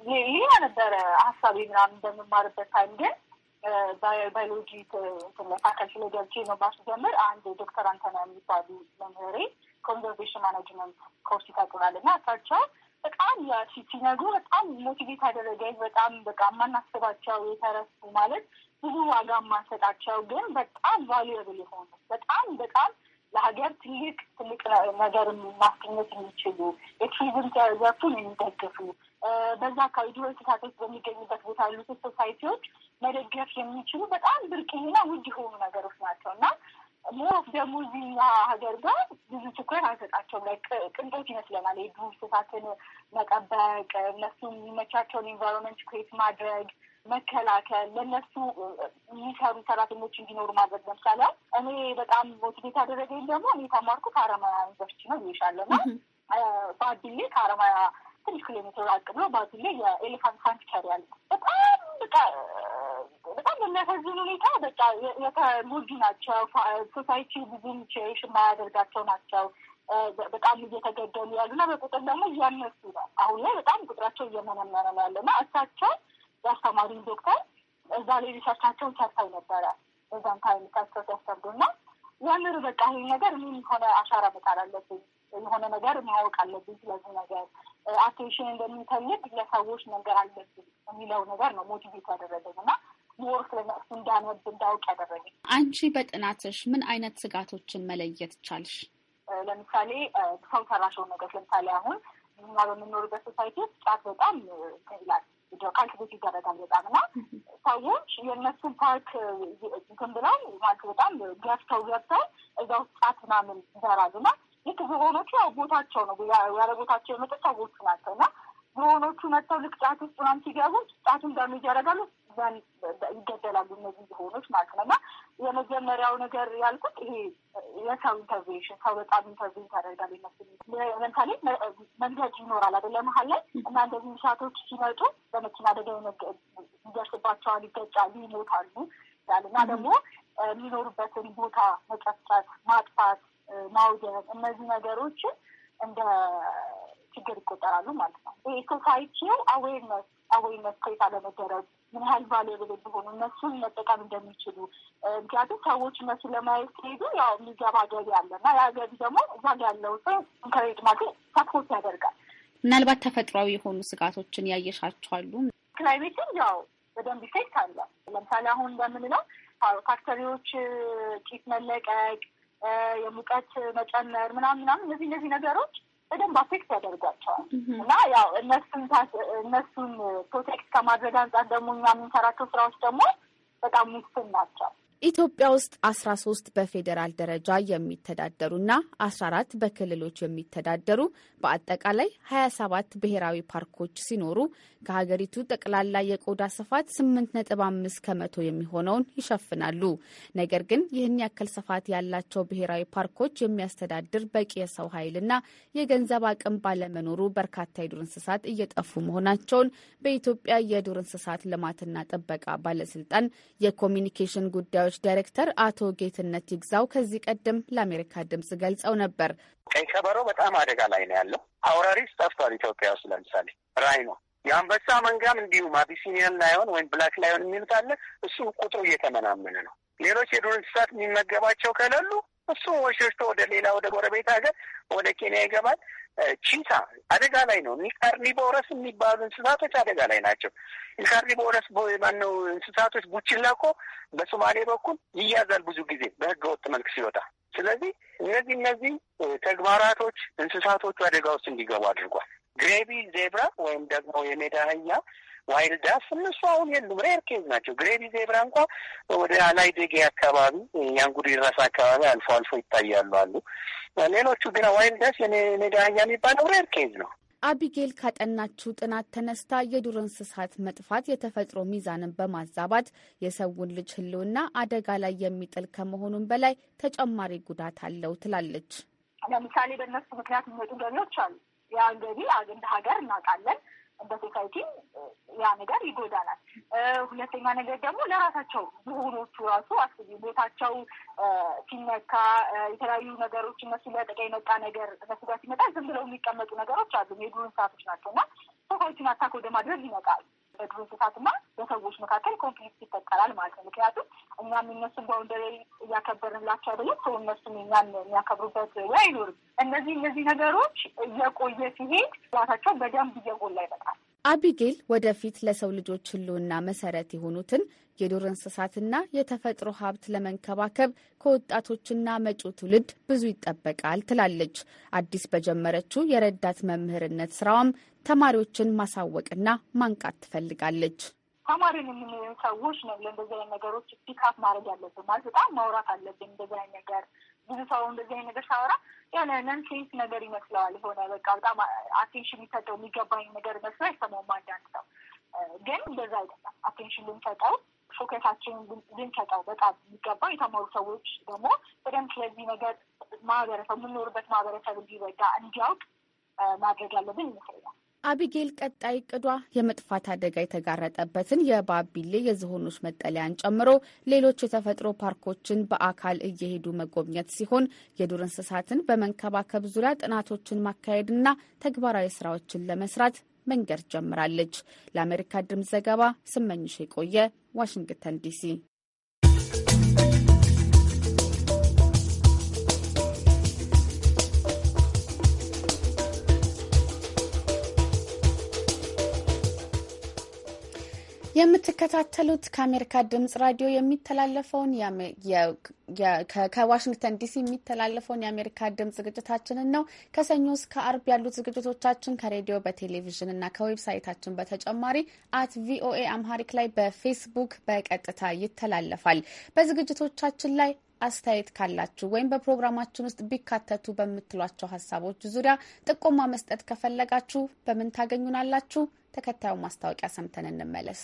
ይህ ነበረ ሀሳቤ ምናምን በምማርበት ታይም ግን ባዮሎጂ ፋካልቲ ላይ ገብቼ ነው ባስጀምር አንድ ዶክተር አንተና የሚባሉ መምህሬ ኮንዘርቬሽን ማናጅመንት ኮርስ ይታቁናል እና እሳቸው በጣም ሲነጉ በጣም ሞቲቬት ያደረገኝ በጣም በቃ የማናስባቸው የተረሱ ማለት ብዙ ዋጋ የማንሰጣቸው ግን በጣም ቫሉየብል የሆኑ በጣም በጣም ለሀገር ትልቅ ትልቅ ነገር ማስገኘት የሚችሉ የቱሪዝም ዘርፉን የሚደግፉ በዛ አካባቢ ድሮ እንስሳቶች በሚገኙበት ቦታ ያሉት ሶሳይቲዎች መደገፍ የሚችሉ በጣም ብርቅዬና ውድ የሆኑ ነገሮች ናቸው እና ሞት ደግሞ እዚህ ሀገር ጋር ብዙ ትኩረት አንሰጣቸውም። ላይ ቅንጦት ይመስለናል። የዱር እንስሳትን መጠበቅ፣ እነሱ የሚመቻቸውን ኢንቫይሮንመንት ክሬት ማድረግ መከላከል ለእነሱ የሚሰሩ ሰራተኞች እንዲኖሩ ማድረግ። ለምሳሌ እኔ በጣም ሞቲቬት ያደረገኝ ደግሞ እኔ የተማርኩት ከአረማያ ዩኒቨርሲቲ ነው ይሻለ ይሻለና በአድሌ ከአረማያ አስር ኪሎ ሜትር ራቅ ብሎ ላይ የኤሌፋንት ሳንክቸሪ አለ። በጣም በቃ በጣም በሚያሳዝን ሁኔታ በቃ የተጎዱ ናቸው። ሶሳይቲ ብዙም ቼሽ የማያደርጋቸው ናቸው። በጣም እየተገደሉ ያሉና በቁጥር ደግሞ እያነሱ ነው። አሁን ላይ በጣም ቁጥራቸው እየመነመረ ነው ያለ ያለና እሳቸው ያስተማሪን ዶክተር እዛ ላይ ሪሰርቻቸውን ሰርተው ነበረ። እዛን ታይም እሳቸው ሲያስተምሩና የምር በቃ ይህ ነገር ምን የሆነ አሻራ መጣል አለብኝ፣ የሆነ ነገር ማወቅ አለብኝ ስለዚህ ነገር አቴንሽን እንደሚፈልግ ለሰዎች ነገር አለብን የሚለው ነገር ነው ሞቲቬት ያደረገኝ እና ኖር እንዳነብ እንዳውቅ ያደረገኝ። አንቺ በጥናትሽ ምን አይነት ስጋቶችን መለየት ቻልሽ? ለምሳሌ ሰው ሰራሸውን ነገር ለምሳሌ አሁን እኛ በምንኖርበት ሶሳይቲ ውስጥ ጫት በጣም ይላል ካልቲቬት ይደረጋል በጣም እና ሰዎች የእነሱን ፓርክ እንትን ብለው ማለት በጣም ገብተው ገብተው እዛ ውስጥ ጫት ምናምን ይዘራሉ እና ልክ ዝሆኖቹ ያው ቦታቸው ነው ያለ ቦታቸው የመጠ ሰዎቹ ናቸው እና ዝሆኖቹ መጥተው ልክ ጫት ውስጥ ናም ሲገቡ ጫቱን ዳሜጅ ያደርጋሉ፣ ይገደላሉ እነዚህ ዝሆኖች ማለት ነው። እና የመጀመሪያው ነገር ያልኩት ይሄ የሰው ኢንተርቬንሽን፣ ሰው በጣም ኢንተርቬን ያደርጋል ይመስል። ለምሳሌ መንገድ ይኖራል አደለ መሀል ላይ እና እንደዚህ ምሻቶች ሲመጡ በመኪና አደጋ ይደርስባቸዋል፣ ይገጫሉ፣ ይሞታሉ ያል እና ደግሞ የሚኖሩበትን ቦታ መጨፍጨፍ፣ ማጥፋት ማውገዝ እነዚህ ነገሮችን እንደ ችግር ይቆጠራሉ ማለት ነው። ይህ የሶሳይቲው አዌርነስ አዌርነስ ከየት አለመደረግ ምን ያህል ቫሌብል እንደሆኑ እነሱን መጠቀም እንደሚችሉ ምክንያቱም ሰዎች እነሱ ለማየት ሲሄዱ ያው የሚገባ ገቢ አለና ያ ገቢ ደግሞ እዛ ያለው ሰው ኢንከሬጅ ማድረግ ሰፖርት ያደርጋል። ምናልባት ተፈጥሯዊ የሆኑ ስጋቶችን ያየሻቸዋሉ። ክላይሜትን ያው በደንብ ኢፌክት አለ። ለምሳሌ አሁን እንደምንለው ፋክተሪዎች ጭስ መለቀቅ የሙቀት መጨመር ምናምን ምናምን እነዚህ እነዚህ ነገሮች በደንብ አፌክት ያደርጓቸዋል እና ያው እነሱን እነሱን ፕሮቴክት ከማድረግ አንጻር ደግሞ እኛ የምንሰራቸው ስራዎች ደግሞ በጣም ውስን ናቸው። ኢትዮጵያ ውስጥ 13 በፌዴራል ደረጃ የሚተዳደሩና 14 በክልሎች የሚተዳደሩ በአጠቃላይ 27 ብሔራዊ ፓርኮች ሲኖሩ ከሀገሪቱ ጠቅላላ የቆዳ ስፋት 8.5 ከመቶ የሚሆነውን ይሸፍናሉ። ነገር ግን ይህን ያክል ስፋት ያላቸው ብሔራዊ ፓርኮች የሚያስተዳድር በቂ የሰው ኃይልና የገንዘብ አቅም ባለመኖሩ በርካታ የዱር እንስሳት እየጠፉ መሆናቸውን በኢትዮጵያ የዱር እንስሳት ልማትና ጥበቃ ባለስልጣን የኮሚኒኬሽን ጉዳዮች ጉዳዮች ዳይሬክተር አቶ ጌትነት ይግዛው ከዚህ ቀደም ለአሜሪካ ድምጽ ገልጸው ነበር። ቀይ ቀበሮ በጣም አደጋ ላይ ነው ያለው። አውራሪስ ጠፍቷል ኢትዮጵያ ውስጥ ለምሳሌ ራይኖ የአንበሳ መንጋም እንዲሁም አቢሲኒያን ላይሆን ወይም ብላክ ላይሆን የሚሉት አለ። እሱ ቁጥሩ እየተመናመነ ነው። ሌሎች የዱር እንስሳት የሚመገባቸው ከሌሉ እሱ ወሸሽቶ ወደ ሌላ ወደ ጎረቤት ሀገር ወደ ኬንያ ይገባል። ቺታ አደጋ ላይ ነው። ካርኒቮረስ የሚባሉ እንስሳቶች አደጋ ላይ ናቸው። የካርኒቮረስ ማነው እንስሳቶች ቡችላ እኮ በሶማሌ በኩል ይያዛል ብዙ ጊዜ በህገ ወጥ መልክ ሲወጣ። ስለዚህ እነዚህ እነዚህ ተግባራቶች እንስሳቶቹ አደጋ ውስጥ እንዲገቡ አድርጓል። ግሬቪ ዜብራ ወይም ደግሞ የሜዳ አህያ ዋይልድ ዳስ እነሱ አሁን የሉም፣ ሬር ኬዝ ናቸው። ግሬዲ ዜብራ እንኳ ወደ አላይዴጌ አካባቢ ያንጉዲ ይረስ አካባቢ አልፎ አልፎ ይታያሉ አሉ። ሌሎቹ ግን ዋይልድ ዳስ የኔዳያ የሚባለው ሬር ኬዝ ነው። አቢጌል ካጠናችው ጥናት ተነስታ የዱር እንስሳት መጥፋት የተፈጥሮ ሚዛንን በማዛባት የሰውን ልጅ ሕልውና አደጋ ላይ የሚጥል ከመሆኑም በላይ ተጨማሪ ጉዳት አለው ትላለች። ለምሳሌ በእነሱ ምክንያት የሚመጡ ገቢዎች አሉ። ያ ገቢ እንደ ሀገር እናውቃለን። እንደ ሶሳይቲ ያ ነገር ይጎዳናል። ሁለተኛ ነገር ደግሞ ለራሳቸው ዝሆኖቹ ራሱ አስቢ ቦታቸው ሲነካ የተለያዩ ነገሮች እነሱ ሊያጠቀ የመጣ ነገር እነሱ ጋር ሲመጣ ዝም ብለው የሚቀመጡ ነገሮች አሉ። የዱር እንስሳቶች ናቸው እና ሶሳይቲን አታክ ወደ ማድረግ ይመጣል። በዱር እንስሳት በሰዎች መካከል ኮንፍሊክት ይፈጠራል ማለት ነው። ምክንያቱም እኛም እነሱን ባውንደሪ እያከበርንላቸው አይደለም፣ ሰው እነሱም እኛን የሚያከብሩበት ወይ አይኖርም። እነዚህ እነዚህ ነገሮች እየቆየ ሲሄድ ራሳቸው በደንብ እየጎላ ይመጣል። አቢጌል ወደፊት ለሰው ልጆች ሕልውና መሰረት የሆኑትን የዱር እንስሳትና የተፈጥሮ ሀብት ለመንከባከብ ከወጣቶችና መጪው ትውልድ ብዙ ይጠበቃል ትላለች። አዲስ በጀመረችው የረዳት መምህርነት ስራዋም ተማሪዎችን ማሳወቅና ማንቃት ትፈልጋለች። ተማሪን የምንለውን ሰዎች ነው ለእንደዚህ አይነት ነገሮች ፒካፕ ማድረግ ያለብን። ማለት በጣም ማውራት አለብን። እንደዚህ አይነት ነገር ብዙ ሰው እንደዚህ አይነት ነገር ሳወራ የሆነ ነንሴንስ ነገር ይመስለዋል። የሆነ በቃ በጣም አቴንሽን የሚሰጠው የሚገባኝ ነገር መስሎ አይሰማውም አንዳንድ ሰው። ግን እንደዛ አይደለም። አቴንሽን ልንሰጠው፣ ፎከሳችንን ልንሰጠው በጣም የሚገባው የተማሩ ሰዎች ደግሞ በደንብ ስለዚህ ነገር ማህበረሰብ የምንኖርበት ማህበረሰብ እንዲረዳ እንዲያውቅ ማድረግ ያለብን ይመስለኛል። አቢጌል ቀጣይ እቅዷ የመጥፋት አደጋ የተጋረጠበትን የባቢሌ የዝሆኖች መጠለያን ጨምሮ ሌሎች የተፈጥሮ ፓርኮችን በአካል እየሄዱ መጎብኘት ሲሆን የዱር እንስሳትን በመንከባከብ ዙሪያ ጥናቶችን ማካሄድና ተግባራዊ ስራዎችን ለመስራት መንገድ ጀምራለች። ለአሜሪካ ድምፅ ዘገባ ስመኝሽ የቆየ ዋሽንግተን ዲሲ። የምትከታተሉት ከአሜሪካ ድምጽ ራዲዮ የሚተላለፈውን ከዋሽንግተን ዲሲ የሚተላለፈውን የአሜሪካ ድምጽ ዝግጅታችንን ነው። ከሰኞ እስከ አርብ ያሉት ዝግጅቶቻችን ከሬዲዮ በቴሌቪዥን እና ከዌብሳይታችን በተጨማሪ አት ቪኦኤ አምሃሪክ ላይ በፌስቡክ በቀጥታ ይተላለፋል። በዝግጅቶቻችን ላይ አስተያየት ካላችሁ ወይም በፕሮግራማችን ውስጥ ቢካተቱ በምትሏቸው ሀሳቦች ዙሪያ ጥቆማ መስጠት ከፈለጋችሁ በምን ታገኙናላችሁ? ተከታዩን ማስታወቂያ ሰምተን እንመለስ።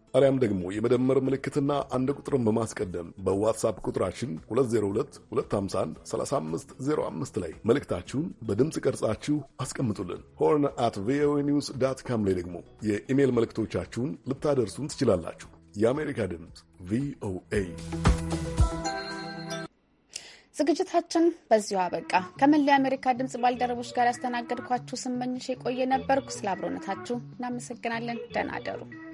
አሊያም ደግሞ የመደመር ምልክትና አንድ ቁጥርን በማስቀደም በዋትሳፕ ቁጥራችን 2022513505 ላይ መልእክታችሁን በድምፅ ቀርጻችሁ አስቀምጡልን። ሆርን አት ቪኦኤ ኒውስ ዳት ካም ላይ ደግሞ የኢሜይል መልእክቶቻችሁን ልታደርሱን ትችላላችሁ። የአሜሪካ ድምፅ ቪኦኤ ዝግጅታችን በዚሁ አበቃ። ከመላው የአሜሪካ ድምፅ ባልደረቦች ጋር ያስተናገድኳችሁ ስመኝሽ የቆየ ነበርኩ። ስለ አብሮነታችሁ እናመሰግናለን። ደህና አደሩ።